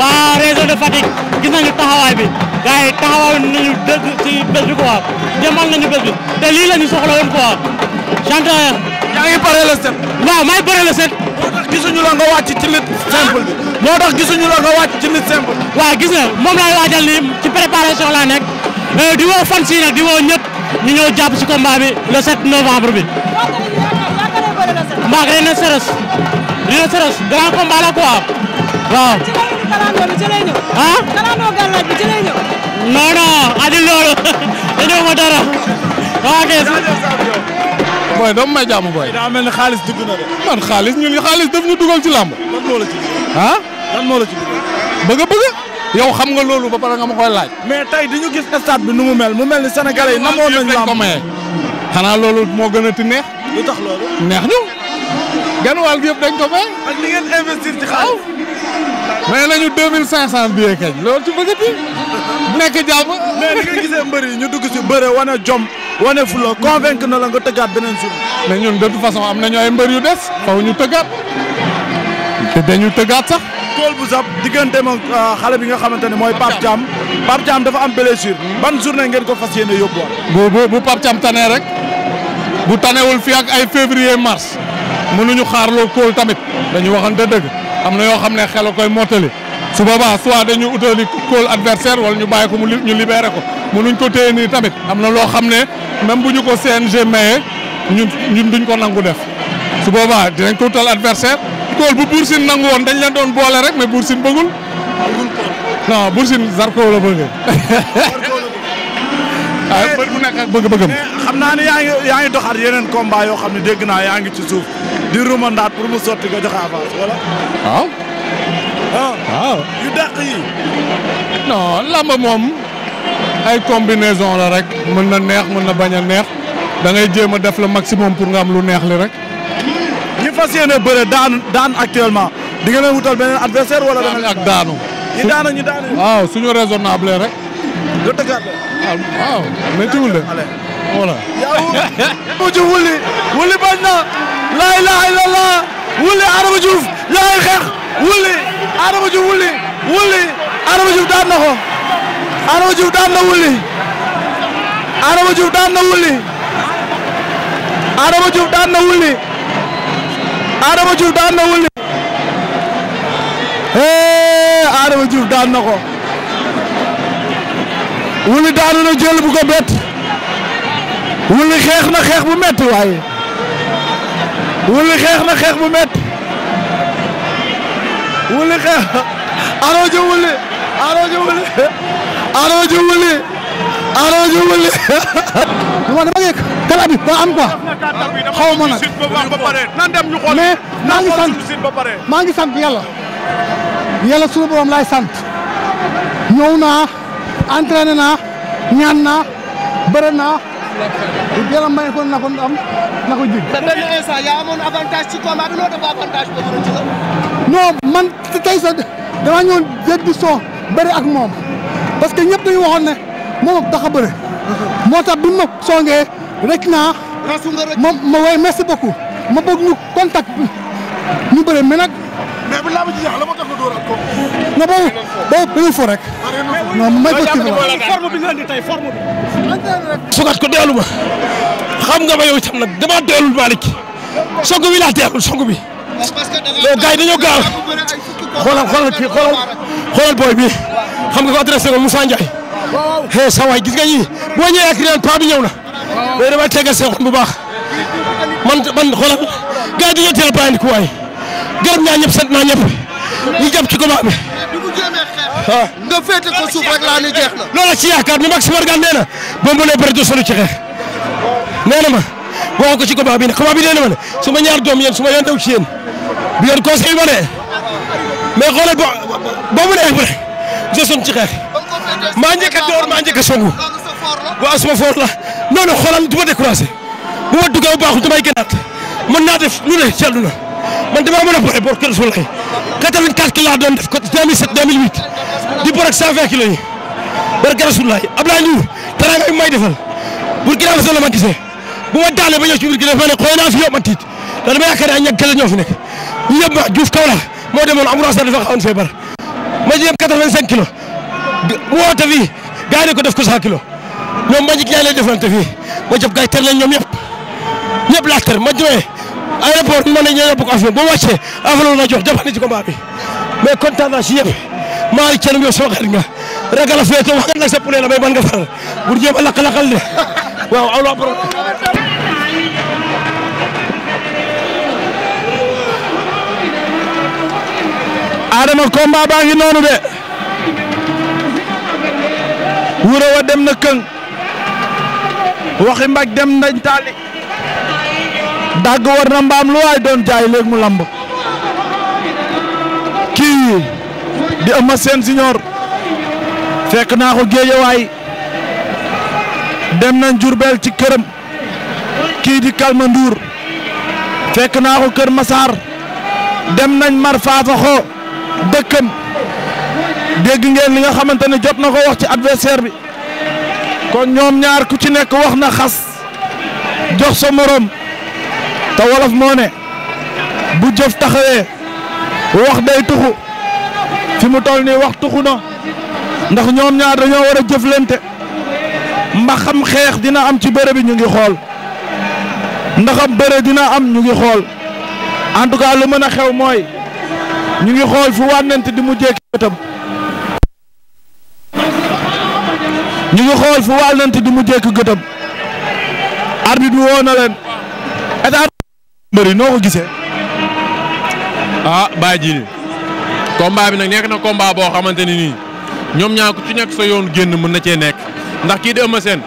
waa région de Fatick gis nañu taxawaay bi. gars yi taxawal nañu dëgg ci bés bi quoi demal nañu bés bi te lii la ñu soxla woon quoi chanteur. yaa ngi bëre le set. waaw may bëre le set. moo tax la nga wàcc ci lutte simple bi. moo tax gisuñu la nga wàcc ci lutte simple. waaw gis nga moom laay waajal ni ci préparation laa nekk euh, di woo fan si nag di woo ñëpp ñu ñëw jàpp si combat bi le 7 novembre bi. mbaa dina sërës dina sërës grand combat la quoi waaw. kalandoo bi ci lay ñëw. ah kalandoo gàllaaj ma dara. waaw ah, kay. booy doomu may jàmm booy. daa mel ni xaalis dugg na de. man xaalis ñun xaalis daf ñu dugal ci ci dugal. ah lan moo la a yow xam nga loolu ba pare nga ma koy laaj. mais tey dañu gis stade bi nu mu mel mu mel ni sénégalais yi namoon nañu làmb ko maye. xanaa loolu moo gën a ti neex. lu neex ñu. gan wàll gi yëpp dañ ko ak li ngeen investir ci may nañu deux mille cinq cent billets loolu ci bëggati nekk jàmm. mais ni nga gisee mbër yi ñu dugg si bëre wane jom wane fula convaincre na la nga tëggaat beneen suuf. mais ñun de façon am nañu ay mbër yu des. faw ñu tëggaat te dañu tëggaat sax. góol bu sab diggante moom euh, xale bi nga xamante ne mooy Pape Thiam. Pape Thiam dafa am blessure. ban journée ngeen ko fas yéene yóbbuwaat. bu bu bu Pape Thiam tane rek bu tanewul fii ak ay février mars mënuñu xaarloo kóol tamit dañu waxante dëgg. am na yoo xam ne xel koy mottali su boobaa soit dañu utali kóol adversaire wala ñu bàyyi ko mu ñu libéré ko mënuñ ko téye nii tamit am na loo xam ne même bu ñu ko CNG maye ñun ñun duñ ko nangu def su boobaa dinañ ko utal adversaire kool bu Bour Sine nangu woon dañ leen doon boole rek mais Bour Sine bëggul non Bour Sine Zarko la bëgg waaye *laughs* ah, mbër bu nekk ak bëgg-bëggam. xam naa ne yaa ngi yaa ngi doxaat yeneen combat yoo xam ne dégg naa yaa ngi ci suuf. di rumandaat pour mu sotti nga joxe avance wala. waaw. ah waaw yu dàq yi. non làmb moom ay combinaison la rek mën na neex mën na bañ a neex dangay ngay jéem a def le maximum pour nga am lu neex li rek. ñi fas yéene bëre daan daan actuellement di nga leen wutal beneen adversaire wala. daan ak daanu ñi daan ak ñi daan waaw suñu raisonnable rek. doo tëggaat la. waaw waaw méttiwul de. voilà. yaa ngi wuli wuli bañ na. la ilaha illallah wuli Adama Diouf ñaari xeex wuli Adama Diouf wuli wuli Adama Diouf daan na ko Adama Diouf daan na wuli Adama Diouf daan na wuli Adama Diouf daan daan na wuli hee daan na ko wuli daanu na jël xeex na xeex bu metti waaye Wouly xeex na xeex bu met Wouly xeex Arrodjo Wouly Arrodjo Wouly Arrodjo Wouly Arrodjo xaw ma nag mais maa ngi sant maa ngi sant yàlla yàlla sunu borom laay sant ñëw naa entraîné naa ñaan naa bëre naa yàlla may ko na ko man tey sax damaa ñëwoon jéggi du son bëri ak moom parce que ñëpp dañu waxoon ne moom ak tax a bëre. moo tax bi ma songee rek naa. ma ma waaye merci beaucoup ma bëgg ñu contact ñu bëre mais nag. mais bu laabu ji jeex rek. non may ko ci forme bi nga indi tey forme bi. sukat ko deelu ma xam nga ma yow itam nag dama deelul Malick song bi laa deelul song bi loolu gars yi dañoo gaaw xoolal xoolal booy bi xam nga ko adressé ko Moussa hee sa waay gis nga ñii boo ak ren paa bi na mais damay tegal seen bu baax man man xoolal gars yi dañoo teel a bàyyi ku waay gërëm naa ñëpp ci combat nga féete ko suuf rek laa ni jeex na. loolu la ci yaakaar ne Maxime Margane nee na boobu lay bëri du sonu ci xeex nee na ma waxu ko ci combat bi ne combat bi nee na ma ne su ma ñaar doom yéen su ma yoon daw ci yéen bi yoon conseil ma ne mais xoolal boo boobu lay bëri du sonu ci xeex maa njëkk a door maa njëkk a songu waaw suma foor la non non xoolal du ma découragé bu ma duggee bu baaxul damay gënaat mën naa def lu ne ci àdduna man damaa mën a bëre bor kër Souley 84 laa doon def côté 2007 2008 di bor ak 120 kilos yi barke Rasulullah Abdoulaye Ndiour teraanga bi may defal Burkina Faso la ma gisee bu ma daane ma tiit da ay ñag kese ñoo nekk ñu yóbbu ma Diouf Kaola moo demoon am rosa dafa xawoon feebar ma ci yóbbu 85 kilos mu woote fii gars yi ne ko def ko 100 kilos ñoom ma njëkk ñaa leen defante fii ma jàpp gars yi ter nañ ñoom ñëpp ñëpp laa ter ma ma ne ñu yóbbu ko avion boo wàccee avion la jox jàppandi ci Malick Thiam yow sama nga ragal a wax nga nag sa poulet nga faral bu jéem a lakk-lakkal de Adama combat baa ngi noonu de wuro wa dem na këng waxi mbaj dem nañ taali dagg war na mbaam lu waay doon mu lamb kii di Eumeu Sène Junior fekk naa ko géejawaay dem nañ jurbeel ci këram kii di Kalma Ndour fekk naa ko Kër Masaar dem nañ Mar Fafaxo dëkkam dégg ngeen li nga xamante ne jot na ko wax ci adversaire bi kon ñoom ñaar ku ci nekk wax na xas jox sa morom te wolof moone bu jëf taxawee wax day tuxu fi mu toll nii waxtu xuna ndax ñoom ñaar dañoo war a jëflante mbaxam xeex dina am ci bëre bi ñu ngi xool ndaxam bëre dina am ñu ngi xool en tout cas lu mën a xew mooy ñu ngi xool fu wànnante di mu ki bëtam ñu ngi xool fu wàllante di mu jékki gëtam arbitre bi woo leen état mbëri noo ko gisee ah bàyyi ji kombaa bi nag nekk na combat boo xamante ni nii ñoom ñaar ku ci nekk sa yoon génn mën na cee nekk ndax kii di Eumeu Sène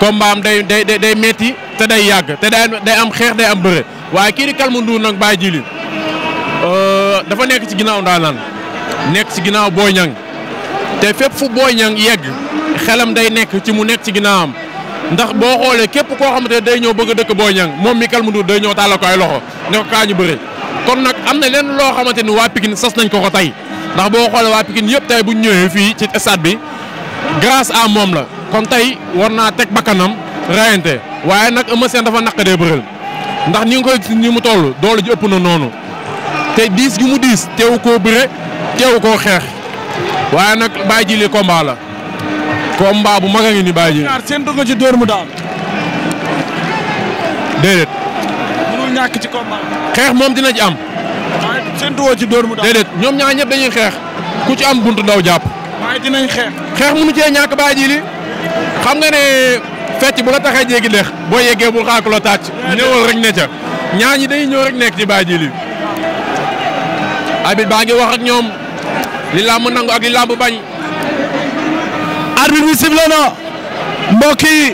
combat am day day day metti te day yàgg te day day am xeex day am bëre waaye kii di Kalmu Ndour nag bàyyi ji euh, dafa nekk ci ginnaaw ndaanaan nekk ci ginnaaw Boy Niang te fépp fu Boy Niang yegg xelam day nekk ci mu nekk ci ginnaawam ndax boo xoolee képp koo xamante ne day ñëw bëgg a dëkk Boy Niang moom mi Kalmu Ndour day ñëw tàllal ko ay loxo ne kaa ñu bëre kon nag am na leen loo xamante ni waa Pikine sas nañ ko ko tey ndax boo xoolee waa Pikine yëpp tey bu ñu ñëwee fii ci stade bi grâce à moom la kon tey war naa teg bakkanam rayante waaye nag Eumeu seen dafa naqadee bërël ndax ni nga koy gis ni mu toll doole ji ëpp na noonu te diis gi mu diis teewu koo bëre teewu koo xeex waaye nag bàyyi ji li combat la combat bu mag a ngi ni bàyyi ji. seen dugg ci dóor mu daal. ñàkk ci combat xeex moom dina ci am. waaye séntuwoo ci dóor mu daal déedéet ñoom ñaar ñëpp dañuy xeex ku ci am buntu daw jàpp. waaye dinañ xeex. xeex mënu cee ñàkk baa ji li xam nga ne fecc bu la taxee jéggi dex boo yeggee bul xaar ku la tàcc. ñëwal rek ne ca ñaar ñi dañuy ñëw rek nekk ci baa ji li Habib baa ngi wax ak ñoom li làmb nangu ak li làmb bañ. arbitre bi sifflé na mbokk yi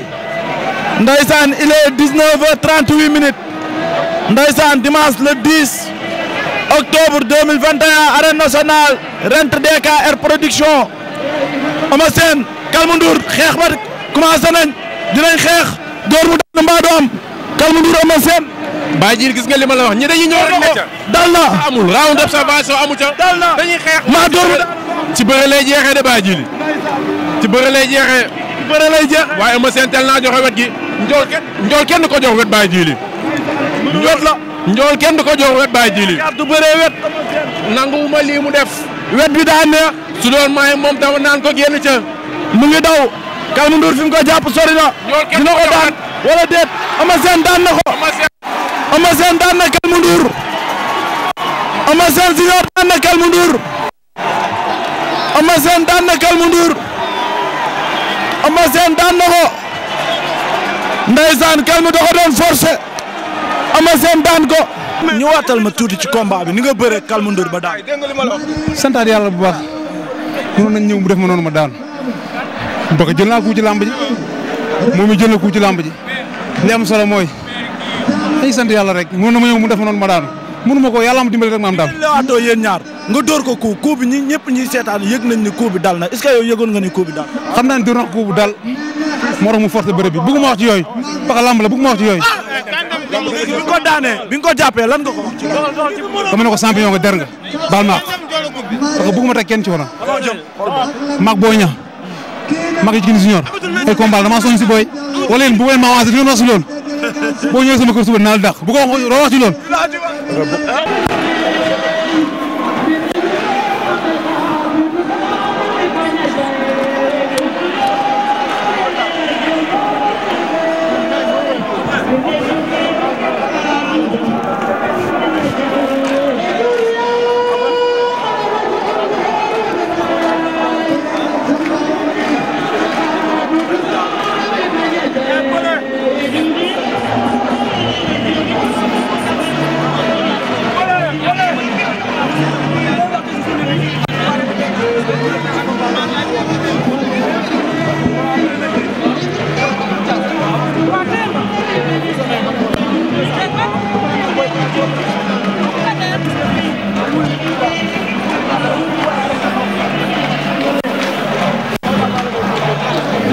ndeysaan il est 19 minutes. ndeysaan dimanche le 10 octobre 2021 arène nationale rent DKR production Eumeu Sène Kalmu Ndour xeex ba commencé nañ dinañ xeex door mu daanu mbaa du am Kalmu Ndour Eumeu Sène Baye gis nga li ma wax ñi dañuy ñëw rek dal na amul amu ca dal na xeex maa door mu ci bëre lay jeexee de Baye Djil ci bëre lay jeexee ci bëre waaye Eumeu tel naa joxe wet gi njool kenn ko jox wet Baye wet njool kenn du ko jox wet bàyyi ji lii. du bëree def. wet bi daa neex. su maay moom dama naan ko génn ca. mu daw. Kalmu Ndour ko jàpp sori na. dina ko daan wala déet. Ama daan na ko. Ama daan na Kalmu Ndour. daan na Kalmu Ndour. daan na Kalmu Ndour. daan na ko. Ndeysaan Kalmu da ko doon forcer. Ama Sène daan ko. ñu waatal ma tuuti ci combat bi ni nga bëree Calme Ndour ba daan. santaat yàlla bu baax. mënoon nañ ñëw mu def ma noonu ma daan. parce que jël naa ku ci làmb ji. moom it jël na ku ci làmb ji. li am solo mooy. dañ sant yàlla rek mënoon na ma ñëw mu def ma noonu ma daan mënu ma ko yàlla ma dimbali rek ma am daan. la waatoo yéen ñaar nga ko coup ñëpp ñi seetaan yëg nañ ni coup bi dal na est-ce que yow yëgoon nga ni coup bi xam naa ne dóor na coup bu dal moo mu forcé bërëb bi bëgguma wax ci yooyu parce que la bëgguma yooyu bi nga ko daanee bi ko jàppee lan nga ko wax. dama ne ko champion nga der nga ma parce que bëgguma teg kenn ci wona mag boo ña mag yi jigéen junior ay si booy wala yéen bu ween ma avancé di ngeen wax si loolu boo ñëwee sama kër suba dinaa la dàq bu ko wax wax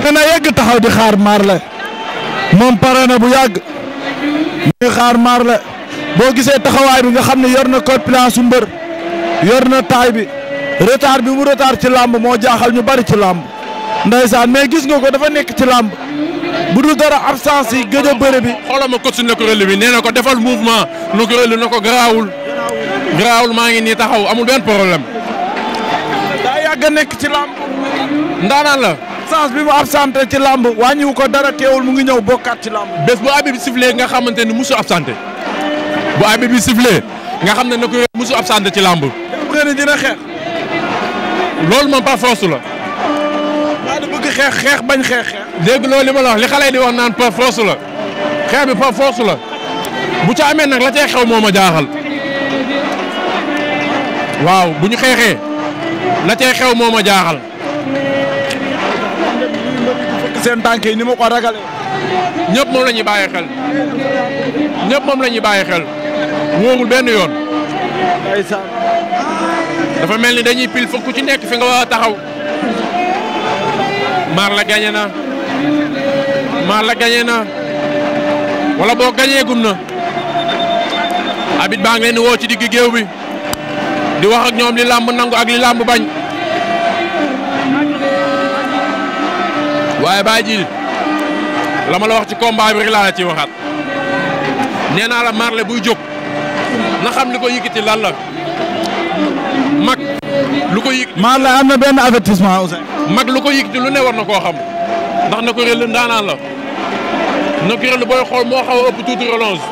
dina yegg taxaw di xaar Marley moom pare na bu yàgg muy xaar Marley boo gisee taxawaay bi nga xam ne yor na corpulence su mbër yor na taay bi retard bi mu retard ci làmb moo jaaxal ñu bari ci làmb ndeysaan mais gis nga ko dafa nekk ci làmb bu dul dara absence yi gëj a bi. xoolal ma coach na ko rëll bi nee na ko defal mouvement nu ko rëll na ko garaawul garaawul maa ngi nii taxaw amul benn problème. daa yàgg a nekk ci làmb. ndaanaan la. absence bi mu absenté ci làmb waa wàññiwu ko dara teewul mu ngi ñëw bokkaat ci làmb. bés bu abib bi sifflé nga xamante ni musu absenté bu abib bi sifflé nga xam ne na ko musu absenté ci làmb. nga ne dina xeex. loolu la. daa xeex bañ xeex xeex. dégg li ma li xale di wax naan par force la xeex bi la bu ca amee nag la cay xew moom a jaaxal waaw bu ñu xeexee la cay xew moo ma jaaxal. seen tànk yi ni ma ko ragale ñépp moom la ñuy xel la ñuy bàyyi xel wóorul benn yoon. dafa mel ni dañuy pil fukk ku ci nekk fi nga war a taxaw. maar la gañe na maar la gañe na wala boo gañee na abit baa ngi leen woo ci digg géew bi di wax ak ñoom li làmb nangu ak li làmb bañ. waaye ba ji la la wax ci combat bi rek laa ciy waxaat nee naa la marle buy jóg na xam li ko yëkkati lan la mag lu ko yëkkati. Marley benn avertissement Ousseyn. mag lu ko yëkkati ne war na koo xam ndax na ko réel ndaanaan la na ko réel booy xool moo xaw a ëpp tuuti relance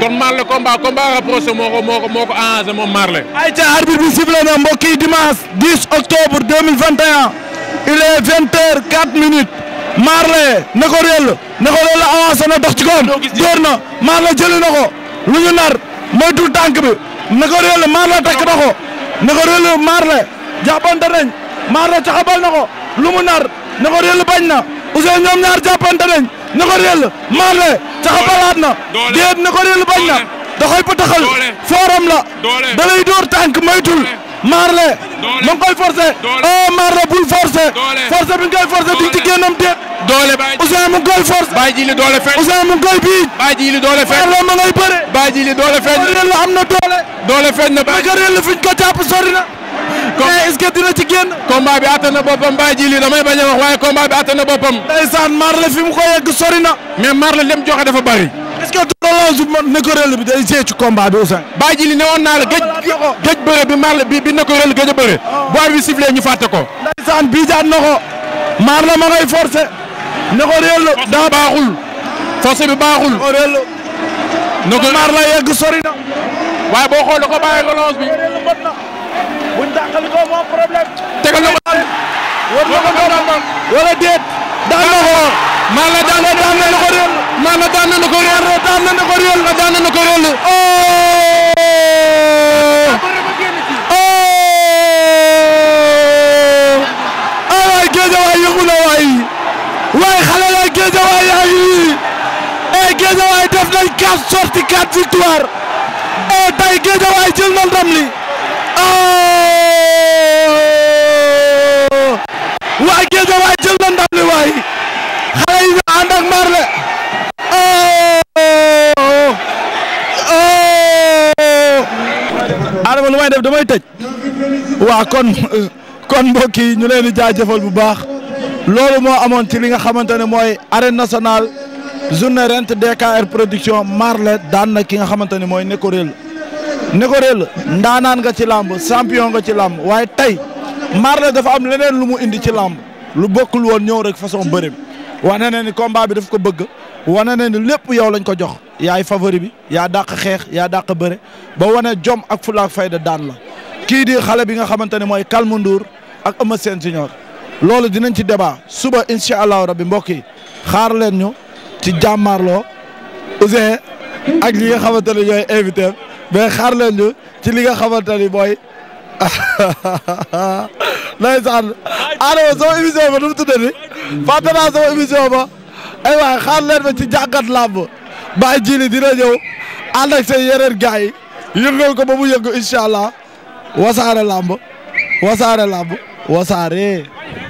kon Marley combat combat rapproché moo ko moo ko moo ko arrangé moom Marley. ayca arbitre bi sifflé na mbokk yi dimanche 10 il est vingt heures quatre minutes na ne ko réel ne ko réel avancé na dox ci koom door na Marley jëli na ko lu ñu nar moytul tànk bi ne ko réel Marley takk na ko ne ko réel Marley jàppante nañ Marley caxabal na ko lu mu nar ne ko réel bañ na Ousseyn ñoom ñaar jàppante nañ ne ko réel Marley caxabalaat na déet ne ko réel bañ na da koy fooram la da lay door tànk moytul Marley ma ngi koy forcer oh Marley bul forcer forcer bi nga koy forcer di ci génnam déet. doole bàyyi Ousseyn mu ngi koy forcer. bàyyi ji li doole feeñ. Ousseyn mu ngi koy biij. bàyyi ji li doole feeñ Marley ma ngay bëre. bàyyi ji li doole feeñ. Maguette la am na doole. doole feeñ na bàyyi Maguette la fi ñu ko jàpp sori na. comme eh, mais est-ce que dina ci génn. combat bi attan na boppam bàyyi ji li damay bañ a wax waaye combat bi attan na boppam. ndeysaan Marley fi mu ko yegg sori na. mais Marley lem joxe dafa bari. est-ce que bi Nakorel bi day see ci combat bi Ousseyn. baa ji li newoon naa la gëj bi mar la bi bi Nakorel gëj a bëre. Ah. bu arbitre bi sifflee ñu fàtte ko. ndeysaan bii jaat na ko. maar la ma ngay daa baaxul. force bi baaxul. Nakorel la. maar la yegg sori na. waaye boo xoolee ko bàyyi relance ko moom problème. tegal na ko war na ko doon wala déet. ko maar la daan na ko daan na maanaam daan nañu ko réel daan nañu ko réel daan nañu ko réel. ah waay géejawaay yëngu na waay waay xale la géejawaay yaa ngi eh géejawaay def nañ quatre sorties quatre victoire eh tey géejawaay jël na ndam li ah waay géejawaay jël na ndam may def damay tëj waaw kon kon mbokk yi ñu leen di jaajëfal bu baax loolu moo amoon ci li nga xamante ne mooy arène nationale journée rent DKR production Marley daan na ki nga xamante ne mooy Neko Rell Neko Rell ndaanaan nga ci làmb champion nga ci làmb waaye tey Marley dafa am leneen lu mu indi ci làmb lu bokkul woon ñëw rek façon bëri wax na ne ni bi daf ko bëgg wane na ni lépp yow lañ ko jox yaay favori bi yaa dàq xeex yaa dàq bëre ba wane jom ak fulaak fayda daan la kii di xale bi nga xamante ne mooy Calme Ndour ak Eumeu Sène Junior loolu dinañ ci débat suba incha allahu rabbi mbokk yi xaar leen ñu ci jàmmaarloo Ouzin ak li nga xamante ne ñooy invité mais xaar ñu ci li nga xamante ni mooy *laughs* ndeysaan Adama sama émission ba nu mu tuddati fàtte naa sama émission ba ay waay leen ma ci jàngat làmb Baye Djily dina ñëw ànd ak say yeneen gars yi ko ba mu yëngu incha allah wasaare làmb wasaare làmb wasaare.